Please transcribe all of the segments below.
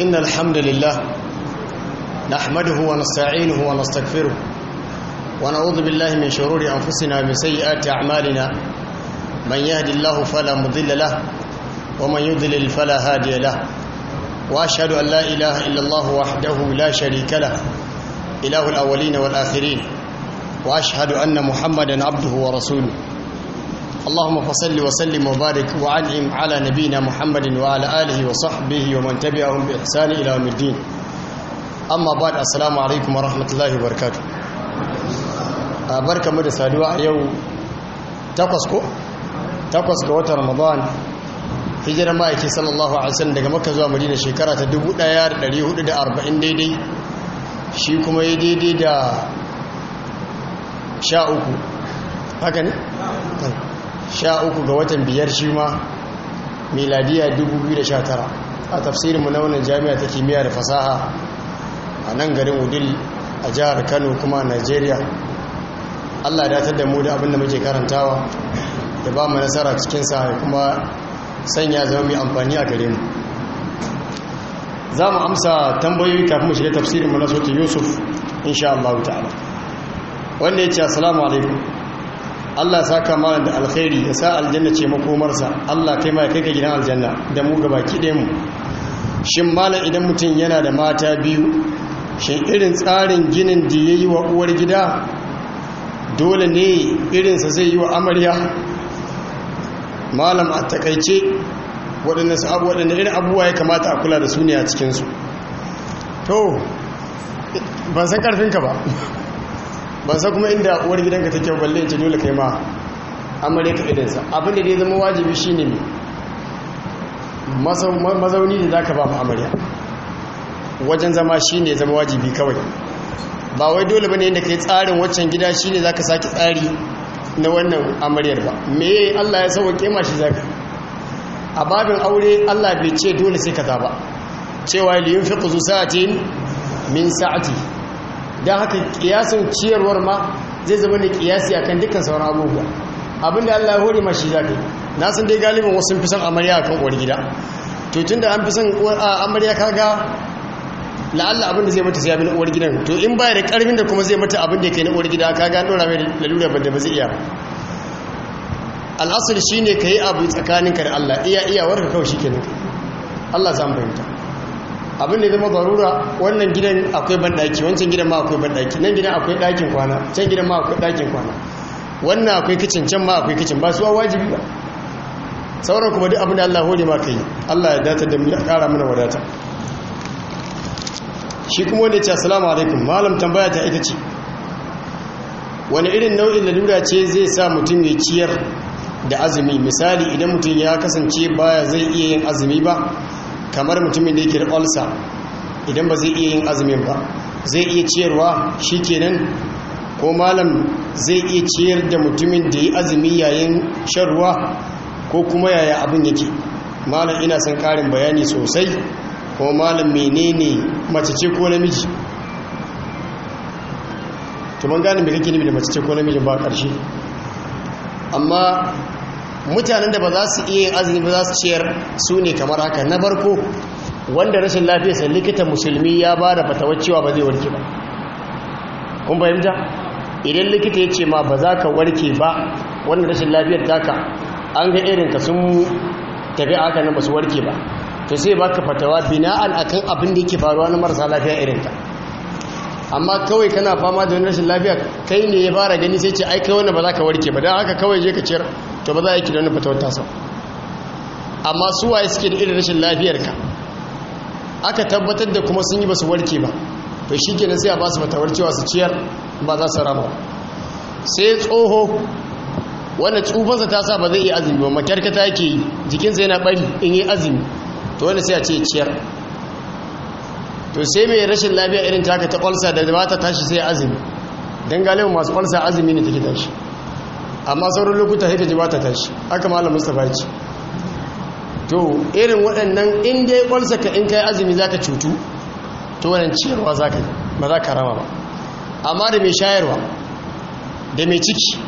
إن الحمد لله نحمده ونستعينه ونستغفره ونعوذ بالله من شرور أنفسنا من سيئات أعمالنا من يهد الله فلا مضل له ومن يضلل فلا هادي له وأشهد أن لا إله إلا الله وحده لا شريك له إله الأولين والآخرين وأشهد أن محمدا عبده ورسوله اللهم فصل وسلم وبارك وأنعم على نبينا محمد وعلى آله وصحبه ومن تبعهم بإحسان إلى يوم الدين أما بعد السلام عليكم ورحمة الله وبركاته barka mu da saduwa a yau takwas ko takwas ga watan ramadan hijirar ma'aiki sallallahu alaihi wasallam daga makka zuwa madina shekara ta 1440 daidai shi kuma ya daidai da sha uku haka ne 13 ga watan biyar shi ma miladiya 2019 a tafsirinmu na jami'a ta kimiyya da fasaha a nan garin udil a jihar kano kuma a nigeria allah datar da damu da abinda muke karantawa da ba mu nasara cikinsa ya kuma sanya zama mai amfani a gare mu za mu amsa tambayoyi kafin mu shiga tafsirinmu na yusuf insha allahu ta'ala wanda ya ce assalamu alaikum Allah saka mana da alkhairi ya sa aljanna ce makomarsa Allah kai ma kai ka gidan aljanna da mu baki ɗayan mu shin malam idan mutum yana da mata biyu shin irin tsarin ginin da ya wa uwar gida dole ne irinsa zai yi wa amarya malam a takaice waɗannan abu waɗannan irin abubuwa ya kamata a kula da su ne a cikinsu to ban san ƙarfinka ba ban san kuma inda uwar gidanka take balle in ce dole kai ma amare ka idansa abin da ya zama wajibi shine ne mazauni da zaka ba mu amarya wajen zama shine zama wajibi kawai ba wai dole bane yadda kai tsarin waccan gida shine zaka saki tsari na wannan amaryar ba me Allah ya sauke ma shi zaka a babin aure Allah bai ce dole sai ka za ba cewa li yunfiqu zu sa'atin min sa'ati don haka kiyasin ciyarwar ma zai zama da kiyasi akan dukkan sauran abubuwa abinda Allah ya hore ma shi zaka na san dai galibin wasu fi son amarya akan uwar gida to da an fi son amarya ka kaga la'alla abin da zai mata sai abin uwar gidan to in baya da karfin da kuma zai mata abin da kai na uwar gida kaga an dora mai lalura ba da ba zai iya al'asar shine kai abu tsakaninka da Allah iya iya warka kawai shi shikenan Allah zan fahimta abin da zama barura wannan gidan akwai banɗaki wancan gidan ma akwai banɗaki nan gidan akwai ɗakin kwana can gidan ma akwai ɗakin kwana wannan akwai kicin can ma akwai kicin ba su wajibi ba sauran kuma duk abin da Allah hore ma kai Allah ya datar da mu ya ƙara mana wadata shi kuma wanda ya ce assalamu alaikum malam tambaya ta ita ce wani irin nau'in lalura ce zai sa mutum ya ciyar da azumi misali idan mutum ya kasance baya zai iya yin azumi ba kamar mutumin da yake da ulcer idan ba zai iya yin azumin ba zai iya ciyarwa shikenan ko malam zai iya ciyar da mutumin da ya azumi yayin shan ruwa ko kuma yaya abin yake malam ina son karin bayani sosai ko malam menene mace ce ko namiji to ban gane me kake nufi da mace ce ko namiji ba ƙarshe amma mutanen da ba za su iya yin azumi ba za su ciyar su ne kamar haka na farko wanda rashin lafiya sai likita musulmi ya ba da fatawar cewa ba zai warke ba kun fahimta idan likita ya ce ma ba za ka warke ba wanda rashin lafiyar taka an ga irin ka sun tafi haka nan ba su warke ba to sai baka fatawa bina'an akan abin da yake faruwa na marasa lafiya irin ka amma kawai kana fama da wani rashin lafiya kai ne ya fara gani sai ce ai kai wannan ba za ka warke ba don haka kawai je ka ciyar to ba za a yi kidan fata wata sau amma su waye suke da irin rashin lafiyarka aka tabbatar da kuma sun yi ba su warke ba to shi ke sai a ba su fatawar cewa su ciyar ba za su rama sai tsoho wanda tsufansa ta sa ba zai iya azumi ba makyarkata yake yi jikinsa yana bari in yi azumi to wanda sai a ce ciyar to sai mai rashin lafiya irin taka ta kwalsa da ba ta tashi sai azumi don galibin masu kwalsa azumi ne take tashi amma sauran lokuta sai ta ji ba ta tashi haka malam mustapha ce to irin waɗannan in dai ƙwalsa ka in kai azumi za ka cutu to wannan ciyarwa za ka ba za ka rama ba amma da mai shayarwa da mai ciki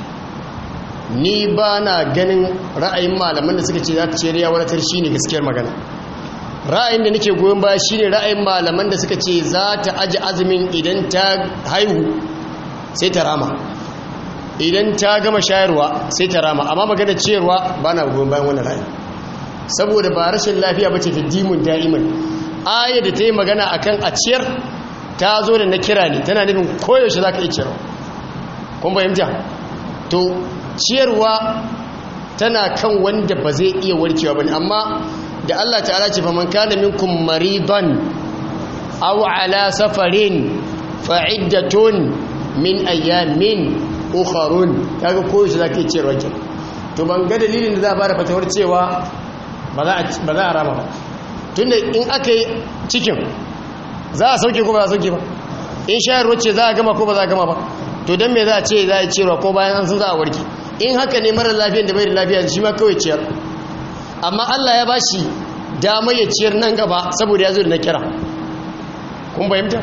ni ba na ganin ra'ayin malaman da suka ce za ta ce ya wadatar shi ne gaskiyar magana ra'ayin da nake goyon baya shi ne ra'ayin malaman da suka ce za ta aji azumin idan ta haihu sai ta rama idan ta gama shayarwa sai ta rama amma magana ciyarwa ba na gudun bayan wani rayu saboda ba rashin lafiya ba ce ta dimun da'iman ayyar da ta yi magana a kan a ciyar ta zo da na kira ne tana nufin koyaushe za ka yi ciyarwa kun fahimta to ciyarwa tana kan wanda ba zai iya warkewa ba ne amma da allah ta'ala ce man kada minkum ban aw ala safarin fa'iddatun min ayyamin ukharun kaga koyaushe za zaka ce ciyarwa to ban ga dalilin da za a bada fatawar cewa ba za a rama ba tunda in aka yi cikin za a sauke ko ba za a sauke ba in shayarwa ce za a gama ko ba za a gama ba to don me za a ce za a cewa ko bayan an sun za a warke in haka ne mara lafiyan da bai da lafiya shi ma kawai ciyar amma allah ya ba shi dama ya ciyar nan gaba saboda ya zo da na kira kun fahimta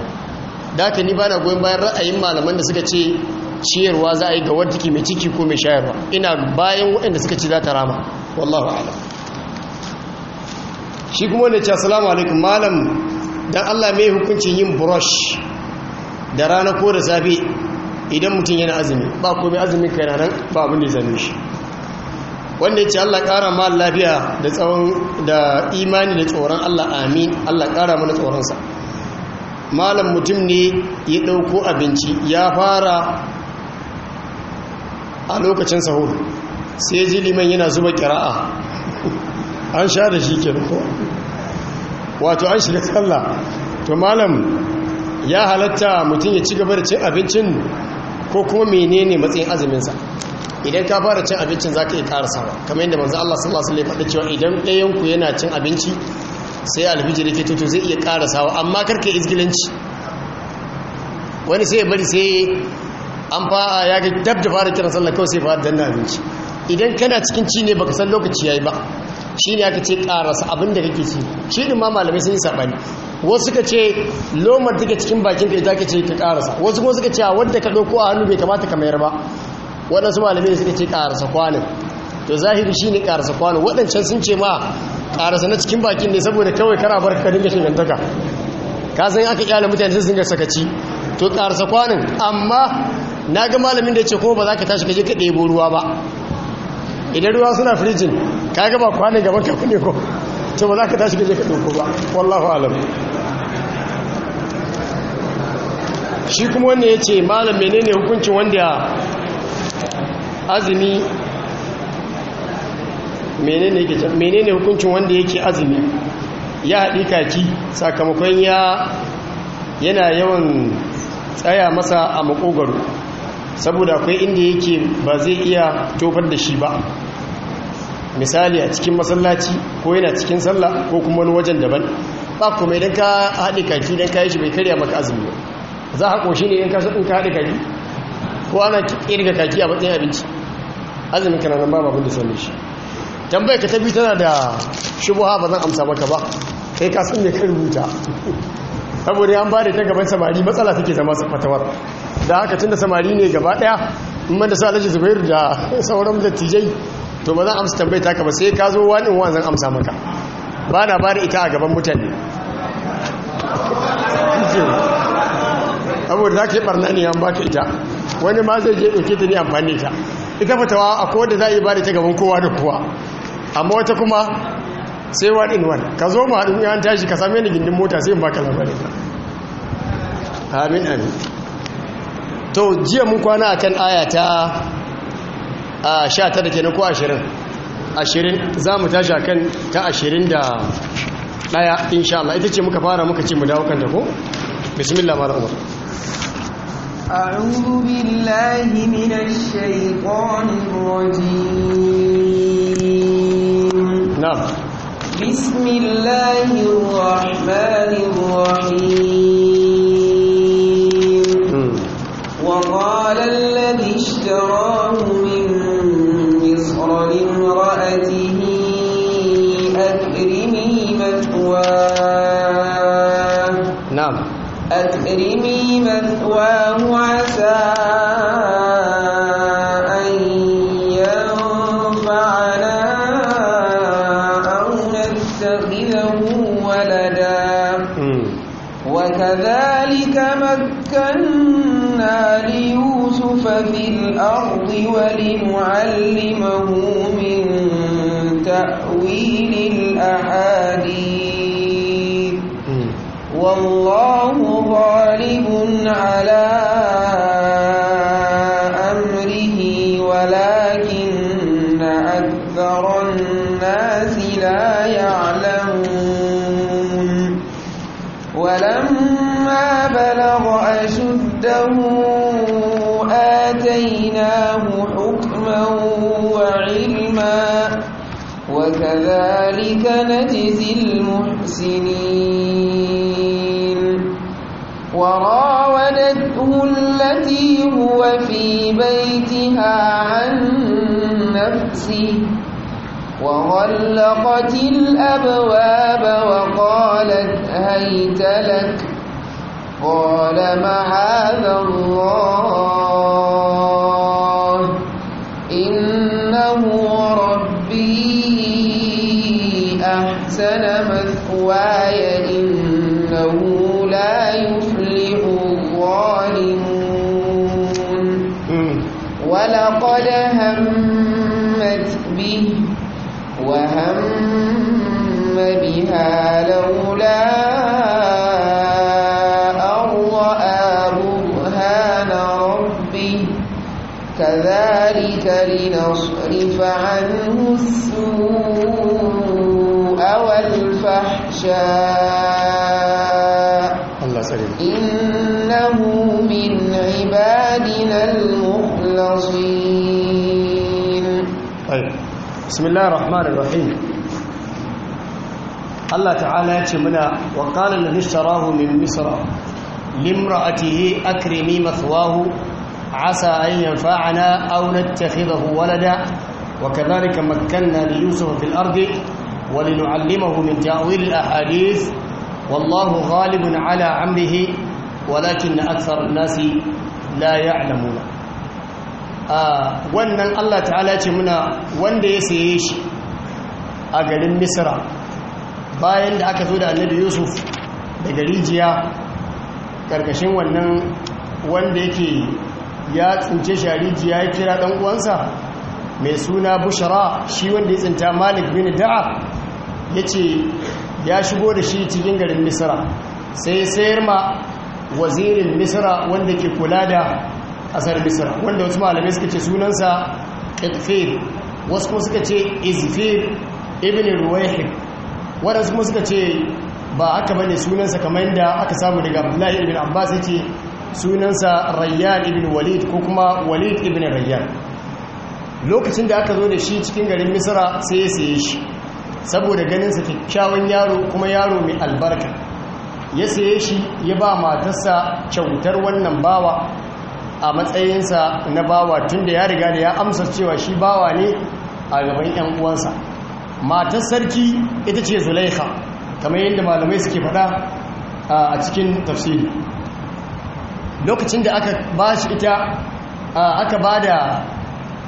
da haka ni ba na goyon bayan ra'ayin malaman da suka ce ciyarwa za a yi ga wadda ke mai ciki ko mai shayarwa ina bayan waɗanda suka ci za ta rama wallahu ala shi kuma wanda ce salamu alaikum malam don Allah mai hukuncin yin brush da rana ko da safe idan mutum yana azumi ba komai azumin kai nan ba abin da ya zame shi wanda ya ce Allah ƙara ma lafiya da tsawon da imani da tsoron Allah amin Allah ƙara mana tsoronsa malam mutum ne ya ɗauko abinci ya fara a lokacin sahur sai ji liman yana zuba kira'a an sha da shi ke ko wato an shiga sallah to malam ya halatta mutum ya ci gaba da cin abincin ko kuma menene matsayin azuminsa idan ka fara cin abincin za ka iya ba kamar yadda manzan Allah sallallahu alaihi wasallam cewa idan ɗayanku yana cin abinci sai alfijir yake to zai iya sawa amma karka izgilanci wani sai ya bari sai an fa'a ya ga dab da fara kira sallah kawai sai da na abinci idan kana cikin ci ne baka san lokaci yayi ba shi ne aka ce karasa abin da kake ci shi ne ma malamai sun yi saɓani wasu suka ce lomar take cikin bakin ka ita ka ce ka karasa wasu kuma suka ce wadda ka ɗauko a hannu bai kamata ka mayar ba waɗansu malamai suka ce karasa kwanin to zahiri shi ne karasa kwanin waɗancan sun ce ma karasa na cikin bakin ne saboda kawai kara bar ka dinga shigantaka ka san aka kyale mutane sun dinga sakaci to karasa kwanin amma na ga malamin da ce kuma ba za ka tashi ka ka ɗebo ruwa ba idan ruwa suna firijin ka gaba kwanan gaban ka ne ko ce ba za ka tashi ka ka ɗebo ba wallahu alam shi kuma wanda ya ce malam menene hukuncin wanda azumi menene hukuncin wanda yake azumi ya haɗi kaki sakamakon ya yana yawan tsaya masa a makogaro saboda akwai inda yake ba zai iya tofar da shi ba misali a cikin masallaci ko yana cikin sallah ko kuma wani wajen daban ba kuma idan ka haɗe kaki don ka yi shi bai karya maka azumi ba za a ƙoshi ne idan ka shaɗin ka haɗe kaki ko ana ƙirga kaki a matsayin abinci azumin ka na nan ba abin da sani shi tambayar ka tabi tana da shubuha ba zan amsa maka ba kai ka san me ka rubuta saboda yan da ta gaban samari matsala take zama fatawar da haka tunda samari ne gaba daya in man da sa alhaji zubair da sauran dattijai to ba zan amsa tambayi ka ba sai ka zo wani wa zan amsa maka ba na ba da ita a gaban mutane saboda za ka yi barna ne an ba ta ita wani ma zai je ɗauke ta ne amfani ta ita fatawa a kowa da za a yi ba da ta gaban kowa da kowa amma wata kuma sai one in one ka zo ma haɗin yawan tashi ka same ni gindin mota sai in baka labarin amin amin to jiya mun kwana a kan aya ta a sha da ke ko ashirin ashirin za mu tashi a kan ta ashirin da ɗaya insha Allah ita ce muka fara muka ce mu dawo kan ko bismillah mara umar أعوذ بالله من الشيطان الرجيم نعم بسم الله الرحمن الرحيم وقال الذي اشتراه من مصر لامرأته أكرمي مثواه نعم أكرمي مثواه عسى مكنا ليوسف في الأرض ولنعلمه من تأويل الأحاديث والله غالب على عنده آتيناه حكما وعلما وكذلك نجزي المحسنين وراودته التي هو في بيتها عن نفسه وغلقت الأبواب وقالت هيت لك قال معاذ الله إنه ربي أحسن مثواي إنه لا يفلح الظالمون ولقد هم لنصرف عنه السوء والفحشاء الله إنه من عبادنا المخلصين طيب بسم الله الرحمن الرحيم الله تعالى يتمنى وقال الذي اشتراه من مصر لامرأته أكرمي مثواه عسى أن ينفعنا أو نتخذه ولدا وكذلك مكنا ليوسف في الأرض ولنعلمه من تأويل الأحاديث والله غالب على أمره ولكن أكثر الناس لا يعلمون wannan Allah ta'ala ce muna wanda ya saye shi a garin misra bayan da aka zo da annabi yusuf daga rijiya karkashin wannan wanda yake ya tsince shariji ya kira ɗan uwansa mai suna bushara shi wanda ya tsinta malik bin da'a ya ce ya shigo da shi cikin garin Misira sai sayar ma wazirin Misira wanda ke kula da ƙasar Misira. wanda wasu malamai suka ce sunansa ƙirfir wasu kuma suka ce izfir ibn ruwaihib wadansu kuma suka ce ba aka bane sunansa kamar da aka samu daga abdullahi ibn abbas ya ce sunansa rayyan ibn walid ko kuma walid ibn rayyan lokacin da aka zo da shi cikin garin misra sai ya saye shi saboda ganinsa kyakkyawan yaro kuma yaro mai albarka ya saye shi ya ba matarsa kyautar wannan bawa a matsayinsa na bawa tun da ya riga da ya amsa cewa shi bawa ne a gaban 'yan uwansa matar sarki ita ce Zulaiha, kamar yadda malamai suke faɗa a cikin tafsiri lokacin da aka ba shi ita aka ba da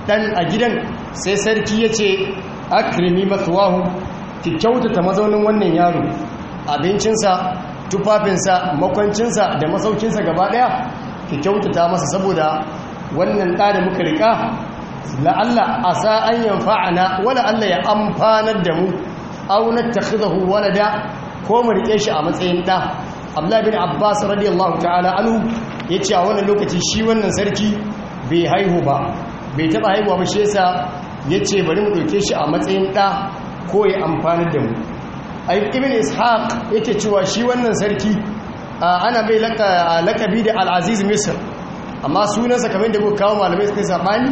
ɗan a gidan sai sarki ya ce akirimi matuwahu ki kyautata mazaunin wannan yaro abincinsa tufafinsa makwancinsa da masaukinsa gaba ɗaya ki kyautata masa saboda wannan ɗa da muka riƙa la'alla a sa'an yin fa'ana wala Allah ya amfanar da mu aunar ta khidahu walada ko mu riƙe shi a matsayin ɗa abdullahi bin abbas radiyallahu ta'ala anhu ya ce a wannan lokaci shi wannan sarki bai haihu ba bai taba haihuwa ba shi yasa ya ce bari mu ɗauke shi a matsayin ɗa ko ya amfani da mu a ibn ishaq ke cewa shi wannan sarki ana bai lakabi da al'aziz misir amma sunansa kamar da kuka kawo malamai suka samani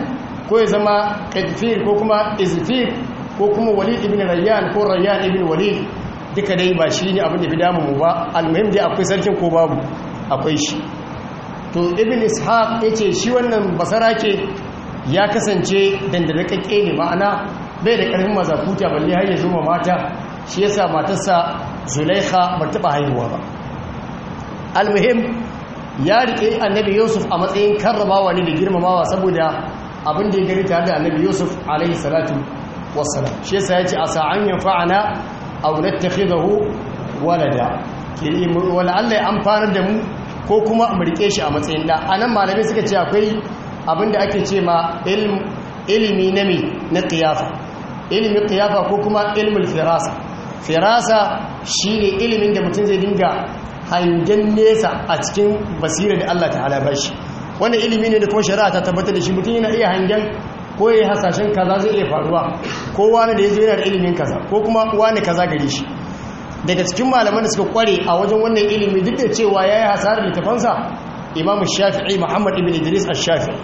ko ya zama kafir ko kuma izfir ko kuma walid ibn rayyan ko rayyan ibn walid duka dai ba shi ne abin da fi damu ba almuhim dai akwai sarkin ko babu akwai shi to ibn ishaq ya ce shi wannan basara ya kasance dandarakakke ne ma'ana bai da ƙarfin mazakuta balle har ya zo mata shi sa matarsa zulaikha ba taɓa haihuwa ba almuhim ya riƙe annabi yusuf a matsayin karramawa ne da girmamawa saboda abin da ya gari tare da annabi yusuf alaihi salatu wassalam shi yasa ya ce a sa'an yin fa'ana a wulattakhidahu walada wala Allah ya amfanar da mu ko kuma a rike shi a matsayin da anan malamai suka ce akwai abinda ake ce ma ilimi na mi na kiyafa ilimi kiyafa ko kuma ilimin firasa firasa shi ne ilimin da mutum zai dinga hangen nesa a cikin basira da Allah ta'ala ba shi wannan ilimi ne da kuma shari'a ta tabbatar da shi mutum yana iya hangen ko ya hasashen kaza zai iya faruwa ko wani da ya zo yana da ilimin kaza ko kuma wani kaza gare shi daga cikin malaman da suka kware a wajen wannan ilimi duk da cewa ya yi hasarar littafansa imamu shafi'i muhammad ibn idris al-shafi'i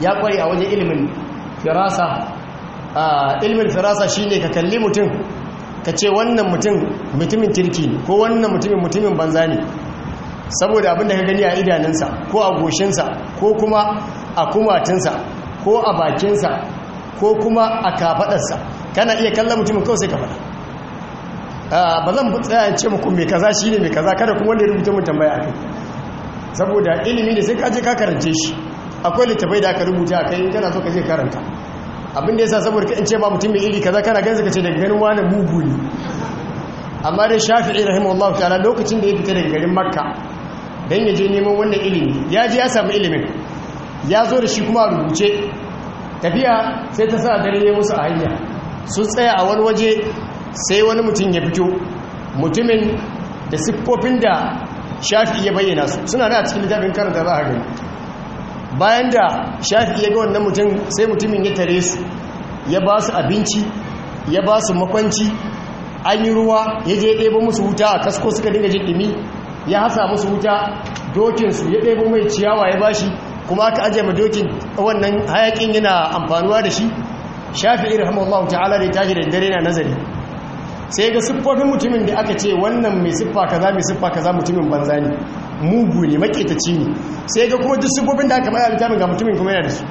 ya kware a wajen ilimin firasa ilimin firasa shi ne ka kalli mutum ka ce wannan mutum mutumin kirki ko wannan mutumin mutumin banza ne saboda abin da ka gani a idanunsa ko a goshinsa ko kuma a kumatinsa ko a bakinsa ko kuma a kafadarsa kana iya kallon mutumin kawai sai ka faɗa Ah, ba zan tsaya ce muku mai kaza shi ne mai kaza kada kuma wanda ya rubuta mun tambaya akai saboda ilimi da sai ka je ka karance shi akwai littafai da aka rubuta akai in kana so ka je karanta abin da yasa saboda ka in ce ba mutum mai iri kaza kana ganin ka ce daga ganin wani mugu ne amma dai shafi shafi'i rahimahullahu ta'ala lokacin da ya fita daga garin makka dan ya je neman wannan ilimi ya je ya samu ilimin ya zo da shi kuma a rubuce tafiya sai ta sa dare musu a hanya sun tsaya a wani waje sai wani mutum ya fito mutumin da siffofin da shafi ya bayyana su suna da cikin littafin karanta za a gani bayan da shafi ya ga wannan mutum sai mutumin ya tare su ya ba su abinci ya ba su makwanci an yi ruwa ya je ɗebo musu wuta a kasko suka dinga jin ɗimi ya hasa musu wuta dokinsu ya ɗebo mai ciyawa ya ba shi kuma aka ajiye ma dokin wannan hayakin yana amfanuwa da shi shafi irin irhamallahu ta'ala da tashi da dare na nazari sai ga siffofin mutumin da aka ce wannan mai siffa kaza mai siffa kaza mutumin banza ne mugu ne maketaci ne sai ga kuma duk siffofin da aka da tamin ga mutumin kuma yana da su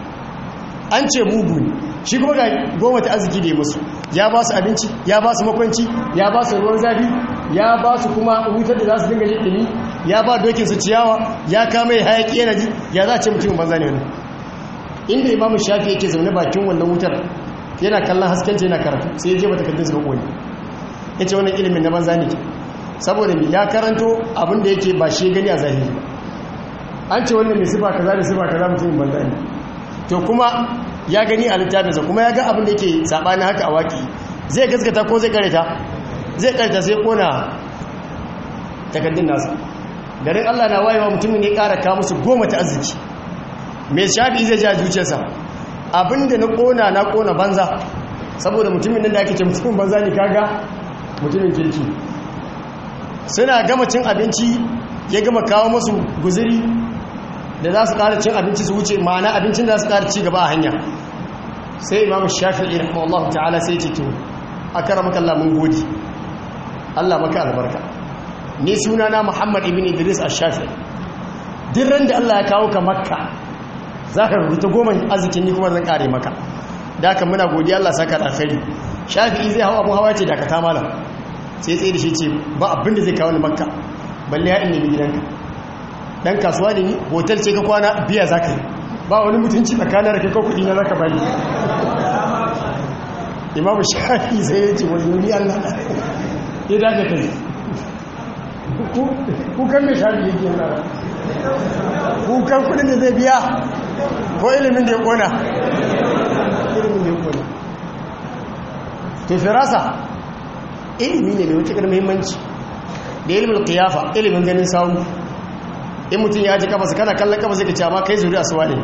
an ce mugu ne shi kuma ga goma ta arziki da ya musu ya ba su abinci ya ba su makwanci ya ba su ruwan zafi ya ba su kuma wutar da za su dinga jikini ya ba dokin su ciyawa ya kama ya hayaki yana ji ya za a ce mutumin banza ne wani inda imamu shafi yake zaune bakin wannan wutar yana kallon hasken ce yana karatu sai ya je ba takardun su ga ya ce wani ilimin na banza ne saboda ya karanto abin da yake ba shi gani a zahiri an ce wannan mai sifa kaza da sifa kaza mutumin banza ne to kuma ya gani a littafinsa kuma ya ga abin da yake saɓani haka a waki zai gaskata ko zai karita zai karita sai kona takaddun nasa garin allah na wayewa mutumin ya ƙara kawo musu goma ta arziki mai shafi zai ja a zuciyarsa abinda na kona na kona banza saboda mutumin nan da ake ce mutumin banza ne kaga mutumin kirki suna gama cin abinci ya gama kawo musu guziri da za su kara cin abinci su wuce ma'ana abincin da za su kara ci gaba a hanya sai imamu shafi'i Allah ta'ala sai ce to kara Allah mun gode Allah maka albarka ni na Muhammad ibn Idris a shafii duk ran da Allah ya kawo ka Makka ka rubuta goma azikin ni kuma zan kare maka da haka muna godiya Allah saka da khairi Shafi'i zai hawa abun hawa ce da ka ta malam sai tsaye da shi ce ba abin da zai kawo ni makka balle ya inda ka dan kasuwa ne ni hotel ce ka kwana biya za ka yi ba wani mutunci tsakanin rake ko kudi na za ka bani imamu shafi sai ya ce wani wuri allah ya dace kai kukan mai shafi yake yana kukan kudin da zai biya ko ilimin da ya kona ilimin da ya kona ke firasa ilimi ne mai matuƙar muhimmanci da ilimin kiyafa ilimin ganin samu in mutum ya ji su kana kallon su ka ce kai zuri a suwa ne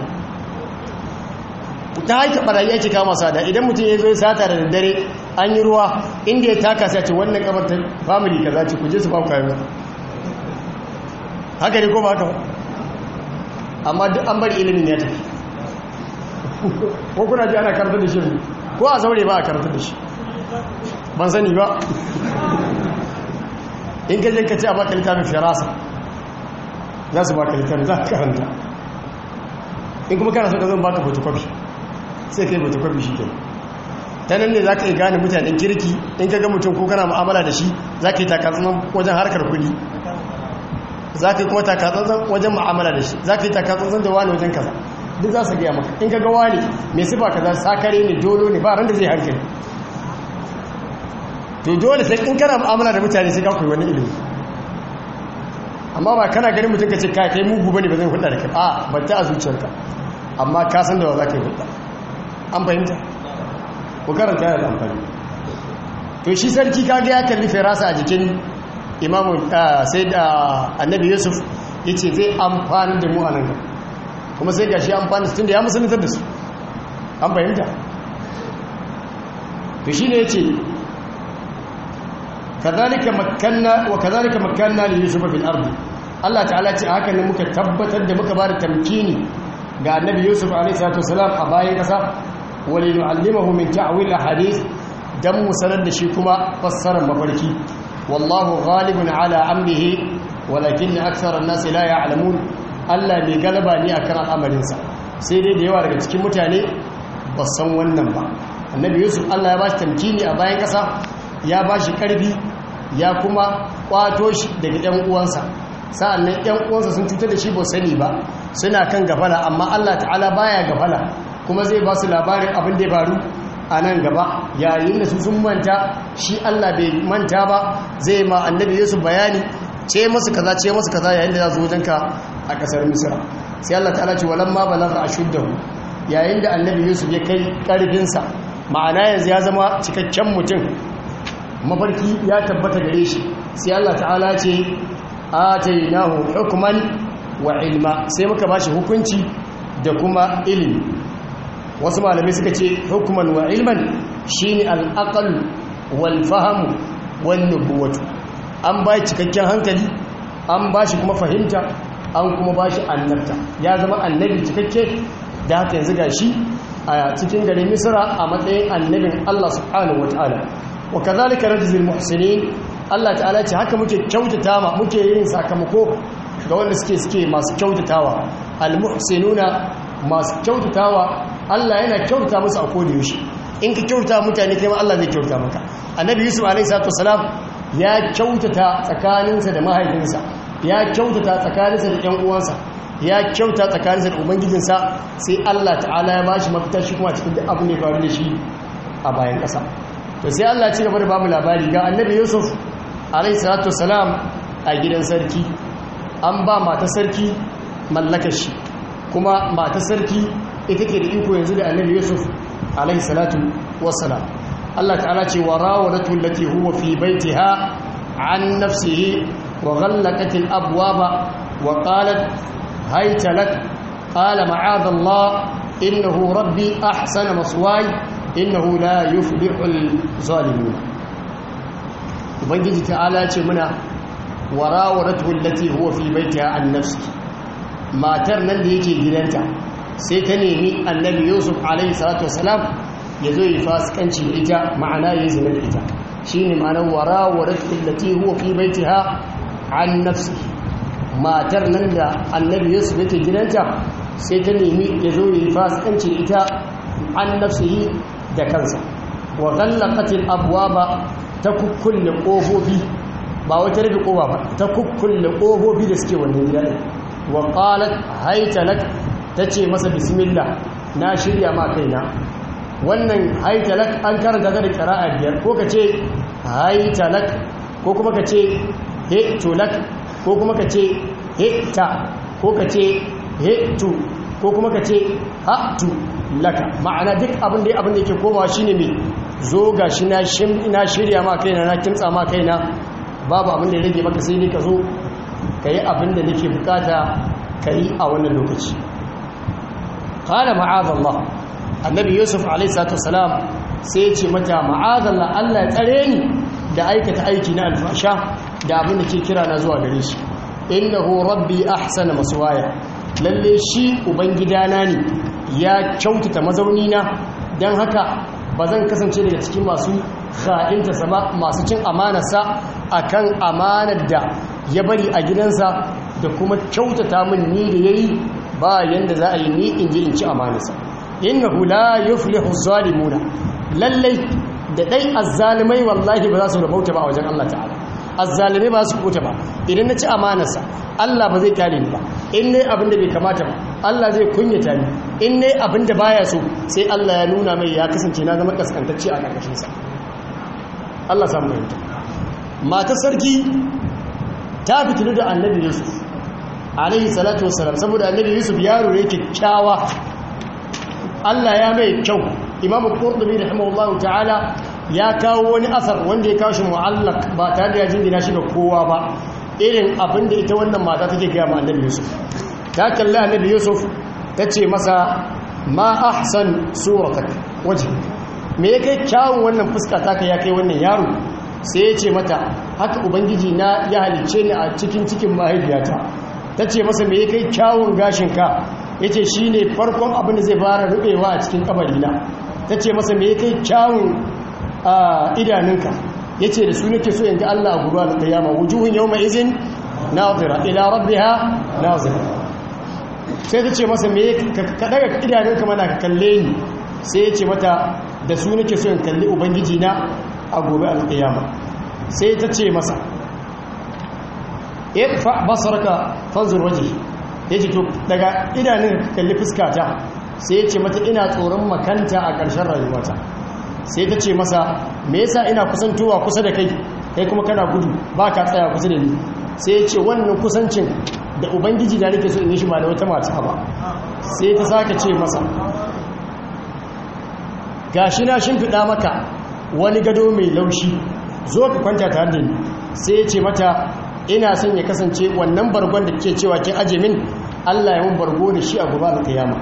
ta haika barayi ake kama sada idan mutum ya zo sata da daddare an yi ruwa inda ya taka sa ce wannan kafa ta family kaza ce ku je su ba ku kayan haka ne ko ba haka amma duk an bari ilimin ne ta. ko kuna ji ana karanta da shi ko a zaure ba a karanta da shi ban sani ba in ka je ka ce a baka littafin firasa za su baka littafin za ka karanta in kuma kana so ka zan baka photocopy sai ka yi photocopy shi kenan ta nan ne za ka yi gane mutanen kirki in ka ga mutum ko kana mu'amala da shi za ka yi takatsunan wajen harkar kuɗi za ka yi kuma takatsunan wajen mu'amala da shi za ka yi takatsunan da wani wajen kaza duk za su gaya maka in ka ga wani mai sifa kaza sakare ne dolo ne ba ran da zai harkar to dole sai in kana mu'amala da mutane sai ka koyi wani ilimi amma ba kana ganin mutum ka ce kai kai mugu bane ba zan hulɗa da kai a ba ta zuciyarka amma ka san da wa za ka yi hulɗa an fahimta ko karanta yana amfani to shi sarki kaga ya kalli firasa a jikin imamu sai da annabi yusuf ya ce zai amfani da mu a nan kuma sai gashi amfani tun da ya musulitar da su an fahimta to shi ne ya ce kazalika makanna wa kazalika makanna li yusuf fil ardi Allah ta'ala ce haka ne muka tabbatar da muka bada tamkini ga annabi yusuf alaihi salatu wasalam a bayan kasa wa linu'allimahu min ta'wil ahadith dan mu sanar da shi kuma fassarar mafarki wallahu ghalibun ala amrihi walakin aktharan nas la ya'lamun Allah mai galaba ne akan al'amarinsa sai dai da yawa daga cikin mutane ba san wannan ba annabi yusuf Allah ya ba shi tamkini a bayan kasa ya ba shi ƙarfi ya kuma ƙwato shi daga 'yan uwansa sa'annan 'yan uwansa sun cutar da shi ba sani ba suna kan gafala amma Allah ta'ala baya gafala kuma zai ba su labarin abin da ya faru a nan gaba yayin da su sun manta shi Allah bai manta ba zai ma annabi Yesu bayani ce masu kaza ce masu kaza yayin da za su wajenka a kasar misira sai Allah ta'ala ce walamma shudda ashuddahu yayin da annabi Yusuf ya kai karfinsa ma'ana yanzu ya zama cikakken mutum mafarki ya tabbata gare shi sai Allah ta'ala ce atainahu hukman wa ilma sai muka bashi hukunci da kuma ilimi wasu malamai suka ce hukman wa ilman shi al-aql wal fahm wan nubuwatu an bai cikakken hankali an bashi kuma fahimta an kuma bashi annabta ya zama annabi cikakke da haka yanzu shi a cikin garin Misra a matsayin annabin Allah subhanahu wataala wa kazalika najzil muhsinin Allah ta'ala ce haka muke kyautata ma muke yin sakamako ga wanda suke suke masu kyautatawa al muhsinuna masu kyautatawa Allah yana kyautata musu a koda yaushe in ka kyauta mutane kai ma Allah zai kyauta maka annabi yusuf alaihi salatu wasalam ya kyautata tsakaninsa da mahaifinsa ya kyautata tsakaninsa da ƴan uwansa ya kyauta tsakaninsa da ubangijinsa sai Allah ta'ala ya bashi mafita shi kuma cikin duk abin da ya faru da shi a bayan ƙasa to sai Allah ci gaba da bamu labari ga annabi Yusuf alayhi salatu wasalam a gidan sarki an ba mata sarki mallakar shi kuma mata sarki ita ke da iko yanzu da annabi Yusuf alayhi salatu wasalam Allah ta'ala ce wa rawadatu allati huwa fi baitiha an nafsihi wa ghallaqat al-abwaba wa qalat hayta lak qala ma'adha innahu rabbi ahsana maswaya innahu la yuflihul zalimun ubangiji ta'ala ce muna warawaratu allati huwa fi baitiha an nafsi matar nan da yake gidanta sai ta nemi annabi yusuf Alayhi salatu wasalam ya zo yi fasikanci da ita ma'ana ya zina da ita shine ma'anar warawaratu allati huwa fi baitiha an nafsi matar nan da annabi yusuf yake gidanta sai ta nemi ya zo yi fasikanci da ita an nafsihi da kansa wa ghallaqatil abwaba ta kukkulle kofofi ba wata rufe kofa ba ta kukkulle ƙofofi da suke wannan gidan wa qalat hayta lak tace masa bismillah na shirya ma kaina wannan haita lak an karanta ta da a biyar ko kace haita lak ko kuma kace he to lak ko kuma kace he ta ko kace he to ko kuma kace ha to laka ma'ana duk abin da abin da yake komawa shine mai zo ga shi na shirya ma kaina na kimtsa ma kaina babu abin da ya rage maka sai dai ka zo ka yi abin da nake bukata ka yi a wannan lokaci qala ma'azallah annabi yusuf alaihi sai ya ce mata ma'azallah Allah ya tsare ni da aikata aiki na alfasha da abin da ke kira na zuwa gare shi innahu rabbi ahsana waya lalle shi ubangidana ne ya kyautata mazauni na don haka ba zan kasance daga cikin masu kha'inta sama masu cin amanarsa kan amanar da ya bari a gidansa da kuma kyautata min ni da yayi ba yadda za a yi ni in je in ci amanarsa ya fule huzari zalimuna lallai da ɗai azzalumai wallahi ba za su rabauta ba a wajen Allah ta'ala azzalumai ba su kuta ba idan na ci amanarsa Allah ba zai kyale ni ba in ne abin da bai kamata ba Allah zai kunyata ni in ne abin da baya so sai Allah ya nuna mai ya kasance na zama kaskantacce a ƙarƙashin sa Allah samu mai mata sarki ta fitilu da annabi Yusuf alaihi salatu wassalam saboda annabi Yusuf yaro ne kyakkyawa Allah ya mai kyau Imam Qurtubi rahimahullahu ta'ala ya kawo wani asar wanda ya kawo shi mu'allaq ba tare da ya jindina shi da kowa ba irin abin da ita wannan mata take gaya ma annabi yusuf ta kalli annabi yusuf ta ce masa ma ahsan suratak waje me ya kai kyawun wannan fuska taka ya kai wannan yaro sai ya ce mata haka ubangiji na ya halicce ni a cikin cikin mahaifiyata ta ce masa me ya kai kyawun gashinka ya ce shi ne farkon abin da zai fara rubewa a cikin kabarina ta ce masa me ya kai kyawun ah, idanunka ya ce da su nake so in ga Allah a guruwa da kayama wujuhun yau mai izin na zira ila na zira sai ta ce masa me ka daga idanun ka mana ka kalle ni sai ya ce mata da su nake so in kalli ubangiji na a gobe a alkiyama sai ta ce masa fa basarka fanzur waje ya ce to daga idanun ka kalli fuskata sai ya ce mata ina tsoron makanta a ƙarshen rayuwata sai ta ce masa me yasa ina kusantowa kusa da kai kai kuma kana gudu ba ka tsaya kusa da ni sai ya ce wannan kusancin da ubangiji na nake so in yi shi ba da wata mata ba sai ta sake ce masa gashi na shimfiɗa maka wani gado mai laushi zo ka kwanta tare da ni sai ya ce mata ina son ya kasance wannan bargon da ke cewa kin aje min Allah ya mun bargo da shi a gaba da kiyama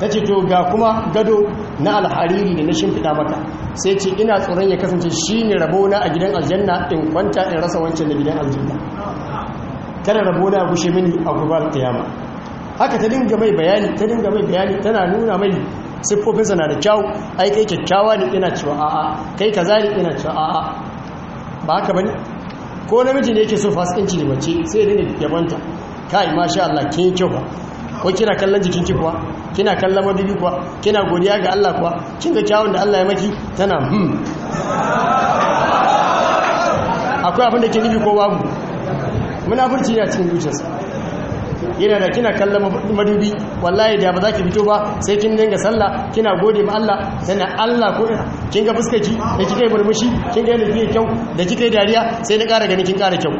ta ce to ga kuma gado na alhariri da na shimfiɗa maka sai ce ina tsoron ya kasance shi ne rabona a gidan aljanna in kwanta in rasa wancan da gidan aljanna kada rabona ya gushe mini a gubar kiyama haka ta dinga mai bayani ta dinga mai bayani tana nuna mai siffofinsa na da kyau ai kai kyakkyawa ne ina cewa a'a kai kaza ne ina cewa a'a ba haka bane ko namiji ne yake so fasikanci ne mace sai dinga yabanta kai masha Allah kin kyau ba ko kina kallon ki kuwa kina kallon madubi kuwa kina godiya ga Allah kuwa kin ga kyawun da Allah ya maki tana hmm akwai abin da ke nufi ko babu munafurci a cikin sa yana da kina kallon madubi wallahi da ba za ki fito ba sai kin dinga sallah kina gode ma Allah tana Allah ko ina kin ga fuskarki da kika yi murmushi kin ga yadda kyau da kika yi dariya sai na kara gani kin kara kyau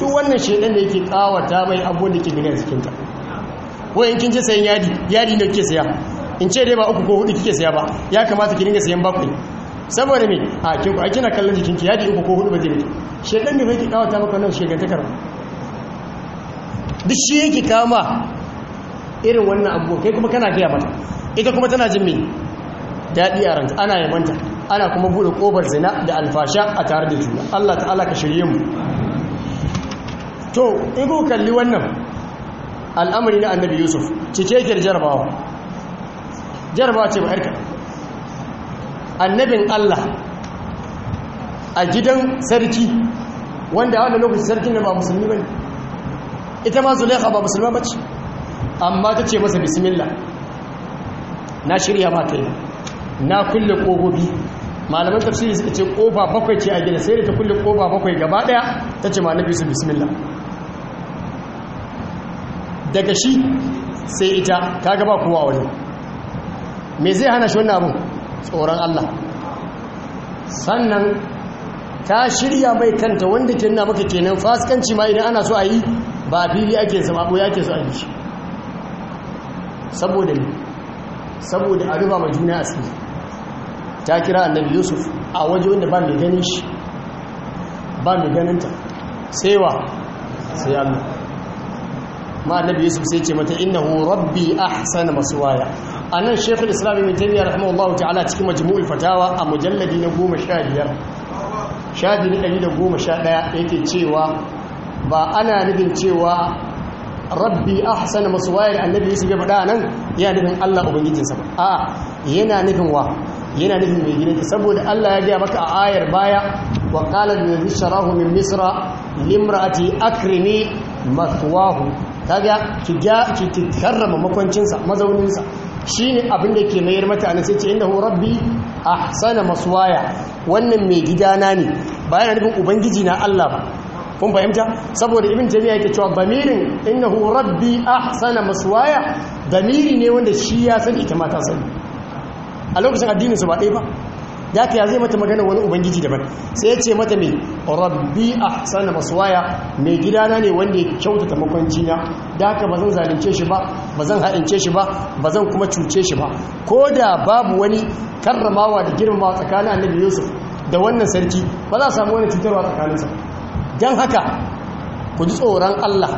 duk wannan shedan da yake kawata mai abubuwan da ke gina a jikinta ko in kin je sayan yadi yadi ne kike saya in ce dai ba uku ko hudu kike saya ba ya kamata ki dinga sayan bakwai saboda me a kin ku kina kallon jikin ki yadi uku ko hudu ba zai rike shedan ne bai ki kawata maka nan shegantakar duk shi yake kama irin wannan abu kai kuma kana gaya mata ita kuma tana jin me daɗi a ranta ana yabanta ana kuma bude kobar zina da alfasha a tare da juna Allah ta'ala ka shirye mu to in ku kalli wannan al'amari na annabi yusuf cike yake da jarabawa jarabawa ce ba harka annabin allah a gidan sarki wanda wanda lokaci sarki ne ba musulmi ne, ita ma zulaiha ba musulma mace, amma ta ce masa bismillah na shirya mata yi, na kulle kogobi malaman tafsiri suka ce kofa bakwai ce a gida sai da ta kulle kofa bakwai gaba daya ta ce ma na su bismillah daga shi sai ita ta gaba kowa wani me zai hana shi wannan abu tsoron Allah sannan ta shirya mai kanta wanda ke nuna maka kenan fasikanci ma idan ana so a yi ba fili ake zama ko yake so a yi shi saboda ne saboda a riba ma juna asiri ta kira annabi yusuf a waje wanda ba mai ganin shi ba mai ganin ta sai wa sai allah ma annabi yusuf sai ce mata innahu rabbi ahsana maswaya anan shekul islam ibn taymiya rahimahullahu ta'ala cikin majmu'ul fatawa a mujalladi na 15 shafi na 111 yake cewa ba ana nufin cewa rabbi ahsana maswaya annabi yusuf ya faɗa nan yana nufin Allah ubangijinsa ba a'a yana nufin wa yana nufin mai gidanki saboda Allah ya gaya maka a ayar baya wa qala allazi sharahu min misra limra'ati akrimi mathwahu kaga ki ga ki karrama makwancinsa mazauninsa shi abin da ke mayar mutane ana sai ce innahu rabbi ahsana masuwaya. wannan mai gidana ne ba yana nufin ubangiji na Allah ba kun fahimta saboda ibn jami'a yake cewa damirin innahu rabbi ahsana masuwaya, damiri ne wanda shi ya sani ita mata sani a lokacin addinin su ba ɗaya ba da ka ya zai mata magana wani ubangiji daban sai ya ce mata mai rabbi masu waya mai gidana ne wanda ya kyautata makwanci na da ka ba zan zalunce shi ba ba zan ha'ince shi ba ba zan kuma cuce shi ba ko da babu wani karramawa da girmamawa tsakanin annabi yusuf da wannan sarki ba za a samu wani cutarwa tsakaninsa don haka ku ji tsoron allah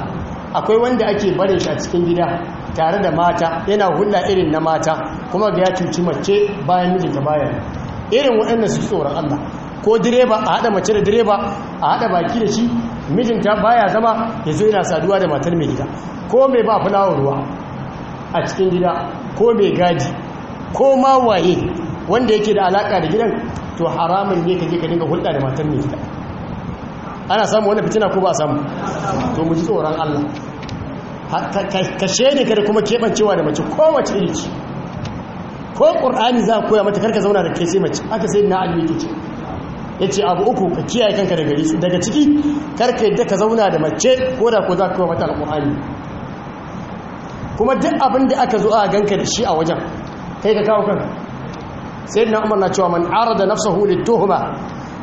akwai wanda ake barin shi a cikin gida tare da mata yana hulɗa irin na mata kuma ga ya cuci mace bayan mijinta bayan irin waɗannan su tsoron Allah ko direba a haɗa mace da direba a haɗa baki da shi mijinta baya zama ya zo yana saduwa da matar mai gida ko mai ba fulawar ruwa a cikin gida ko mai gadi ko ma waye wanda yake da alaka da gidan to haramun ne kake ka dinga hulɗa da matar mai gida ana samu wannan fitina ko ba samu to mu ji tsoron Allah ka shaidi kada kuma keɓancewa da mace kowace iri ce ko ƙur'ani za a koya mata karka zauna da kai sai mace aka sai na ali ke ce ce abu uku ka kiyaye kanka daga gari daga ciki karka yadda ka zauna da mace ko da ko za ka koya mata alqur'ani kuma duk abin da aka zo a ganka da shi a wajen kai ka kawo kanka na umar na cewa man arada nafsahu lituhma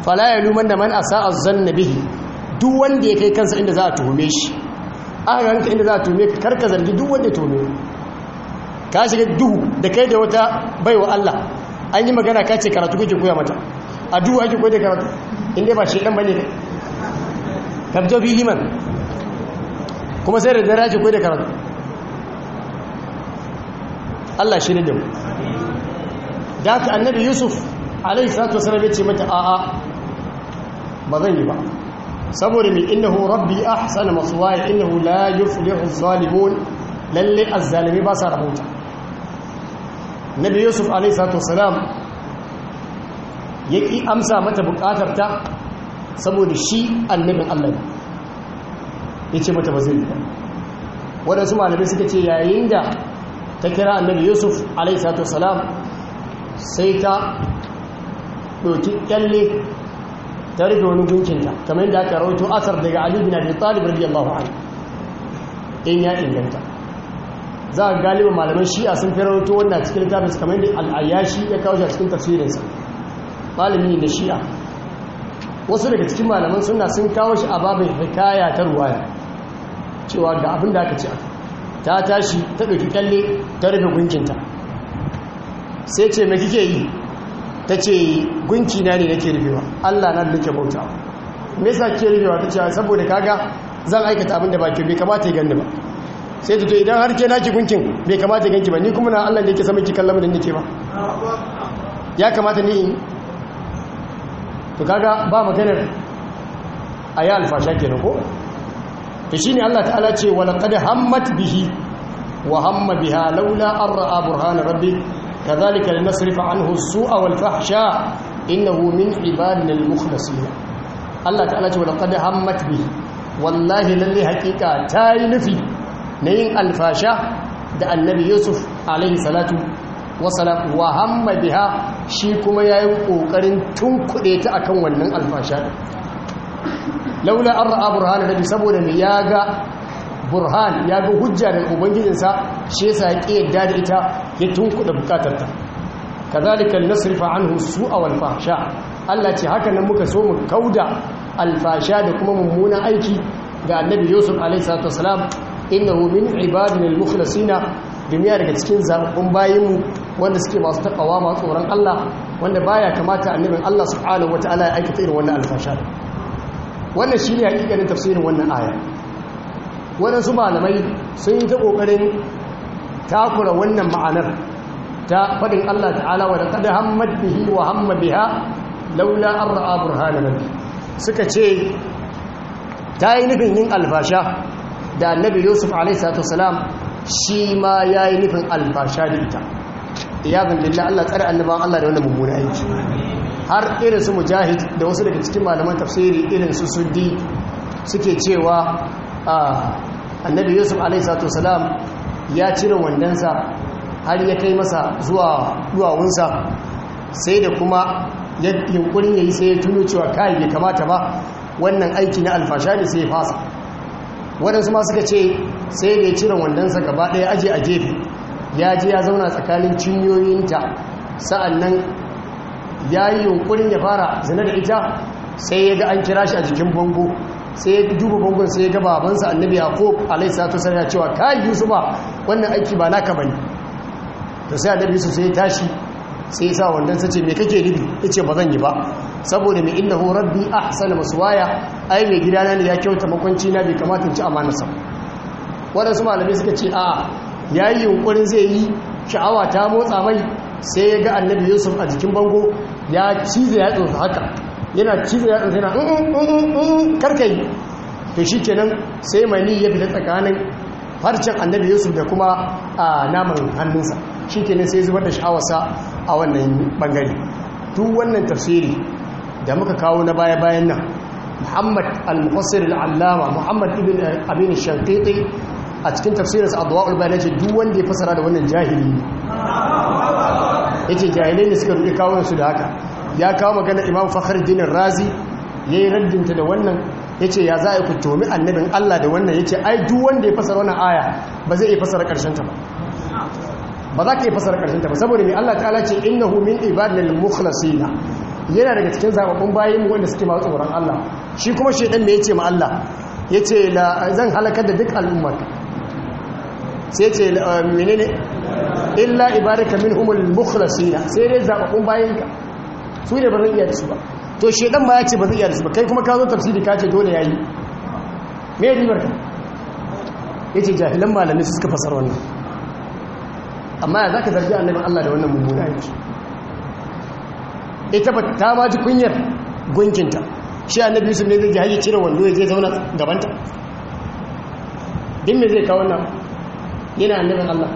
fala yalumanna man asaa az-zanna bihi duk wanda ya kai kansa inda za a tuhume shi aka ganka inda za a tuhume ka karka zargi duk wanda ya tuhume ka shiga duhu da kai da wata baiwa Allah an yi magana ka ce karatu kake koya mata a duhu ake koya da karatu inda ba shi dan bane tabjo bi liman kuma sai da dare ake koya da karatu Allah shi ne da mu da haka annabi Yusuf alaihi salatu wasallam ya ce mata a'a ba zan yi ba saboda mai innahu rabbi ahsana maswaya innahu la yuflihu zalimun lalle azzalimi ba sa rahota nabi yusuf alaihissalam ya ki amsa mata buƙatar ta saboda shi annabin allah ya ce mata ba zai yi ba waɗansu malamai suka ce yayin da ta kira annabi yusuf alaihissalam sai ta ɗauki ƙyalle ta rufe wani gunkinta kamar yadda aka rawaito asar daga ali bin abi talib radiyallahu anhu in ya inganta za a galiba malaman shi'a sun fi rawato wannan cikin littafin su kamar yadda al'ayyashi ya kawo shi a cikin tafsirinsa malami na shi'a wasu daga cikin malaman suna sun kawo shi a babin hikaya ta ruwaya cewa ga abin da aka ce ta tashi ta ɗauki kyalle ta rufe gunkinta sai ce mai kike yi ta ce gunki na ne nake rufewa allah na nake bautawa me yasa ke rufewa ta ce saboda kaga zan aikata abin da ba ke bai kamata ya gani ba sai ta to idan har ke naki gunkin bai kamata ganki ba ni kuma na Allah da yake sama ki lamarin da ke ba ya kamata ni in to kaga ba maganar ayi alfasha kenan ko to ne Allah ta'ala ce wa hammat bihi wa hamma biha laula an ra'a burhana rabbi kadhalika linasrifa anhu as-su'a wal fahsha innahu min ibadina al-mukhlasin Allah ta'ala ce wa hammat bihi wallahi lalle hakika tayi nufi na yin alfasha da annabi yusuf alaihi salatu wasalam wa hamma biha shi kuma ya yi ƙoƙarin tunkuɗe ta a kan wannan alfasha laula an ra'a burhan da saboda mai ya ga burhan ya ga hujja daga ubangijinsa shi sa ya yadda da ita ya tunkuɗe bukatarta zalika nasrifa an husu a walfasha Allah ce haka nan muka so mu kauda alfasha da kuma mummunan aiki ga annabi yusuf alaihi salatu wasalam innahu min ibadina al-mukhlasina daga cikin zaɓaɓɓun bayinmu wanda suke masu takawa masu tsoron Allah wanda baya kamata annabin Allah subhanahu wataala ya aikata irin wannan alfasha wannan shine hakikanin tafsirin wannan aya su malamai sun yi ta ƙoƙarin takura wannan ma'anar ta faɗin Allah ta'ala wa laqad hammat bihi wa hamma biha laula an ra'a burhana suka ce ta yi nufin yin alfasha da annabi yusuf a.s.w. shi ma ya yi nufin alfasha da ita iyazan lillah allah tsari annaban allah da wani mummuna aiki har irin su mujahid da wasu daga cikin malaman tafsiri irin su sudi suke cewa ah, annabi yusuf a.s.w. ya cire wandonsa har ya kai masa zuwa duwawunsa sai da kuma yankunin ya yi sai ya tuno cewa kayi bai kamata ba wannan aiki na alfasha ne sai ya fasa waɗansu ma suka ce sai da ya cire wandonsa gaba ɗaya aje a gefe ya je ya zauna tsakanin cinyoyinta sa'annan ya yi yunkurin ya fara zina da ita sai ya ga an kira shi a jikin bango sai ya duba bangon sai ya ga babansa annabi ko alaihi salatu ta sarara cewa su yusufa wannan aiki ba naka bane to sai annabi yusuf sai ya tashi sai sa wannan sace me kake nufi yace ba zan yi ba saboda me innahu rabbi ahsana maswaya ai mai gidana ne ya kyauta makwanci na bai kamata ci amana sa wadansu malamai suka ce a yayi yunkurin zai yi sha'awa ta motsa mai sai ya ga annabi yusuf a jikin bango ya cize ya tsosa haka yana cize mm, mm, mm, ya tsosa yana karkai to shikenan kenan sai mani ya tsakanin farcen annabi yusuf da kuma a naman hannunsa shi kenan sai zubar da sha'awarsa a wannan bangare duk wannan tafsiri da muka kawo na baya-bayan nan muhammad al-mufassir al-allama muhammad ibn amin shankiti a cikin tafsirinsa adwa'ul bayan ce duk wanda ya fasara da wannan jahili ne yace jahilai ne suka rubi kawo su da haka ya kawo magana imam fakhruddin razi raddin ta da wannan yace ya za a ku tomi annabin Allah da wannan yace ai duk wanda ya fasara wannan aya ba zai iya fasara karshen ta ba ba za ka yi fasara karshen ta ba saboda mai Allah ta'ala ce innahu min ibadil mukhlasina yana daga cikin zaɓaɓɓun bayan mu wanda suke masu tsoron Allah shi kuma shedan me yace ma Allah yace la zan halakar da duk al'ummar. sai ce um, ne illa ibadaka minhumul mukhlasina sai dai bayan ka su ne ba zan iya da su ba to shaidan ma ce ba zan iya da su ba kai kuma ka zo tafsiri ka ce dole yi me ribar ka yace jahilan malami suka fasar wannan amma za ka zargi annabin Allah da wannan mummuna aiki ita ba ta ma ji kunyar gunkinta shi annabi yusuf ne zai ji haji cire wando ya zai zauna gabanta din me zai kawo nan yana annabin Allah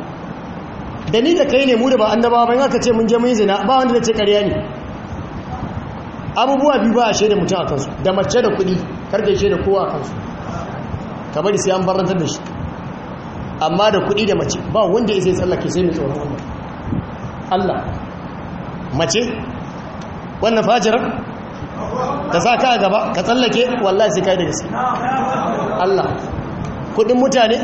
da ni da kai ne mu da ba annabawa ba in aka ce mun je mun yi zina ba wanda da ce karya ne abubuwa biyu ba a shaida mutum a kansu da mace da kuɗi kar ka shaida kowa a kansu kamar sai an barantar da shi amma da kuɗi da mace ba wanda ya sai tsallake sai mai tsoron wannan Allah mace wannan fajirar ka sa ka gaba ka tsallake wallahi sai kai da gaske Allah kuɗin mutane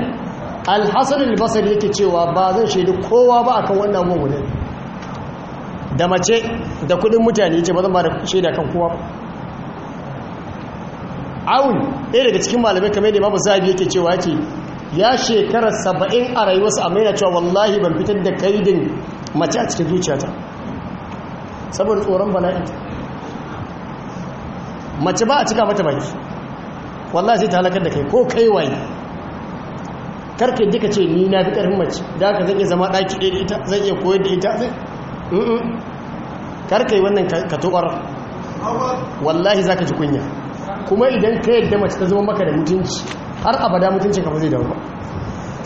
alhassan albasar yake cewa ba zan shaidu kowa ba akan wannan abubuwan da mace da kuɗin mutane yake ba zan ba da shaida kan kowa ba awon ɗaya daga cikin malamai kamar da imamu zahabi yake cewa ce ya shekara saba'in a rayuwarsa a maina cewa wallahi ban fitar da kaidin mace a cikin zuciyata saboda tsoron bala'i mace ba a cika mata baki wallahi sai ta halakar da kai ko kai waye karka yi ka ce ni na fi ƙarfin mace da haka zan iya zama ɗaki ɗaya da ita zan iya koyar da ita zai karka yi wannan ka wallahi za ka ji kunya kuma idan ka yadda mace ta zama maka da mutunci har abada mutuncin ka ba zai dawo ba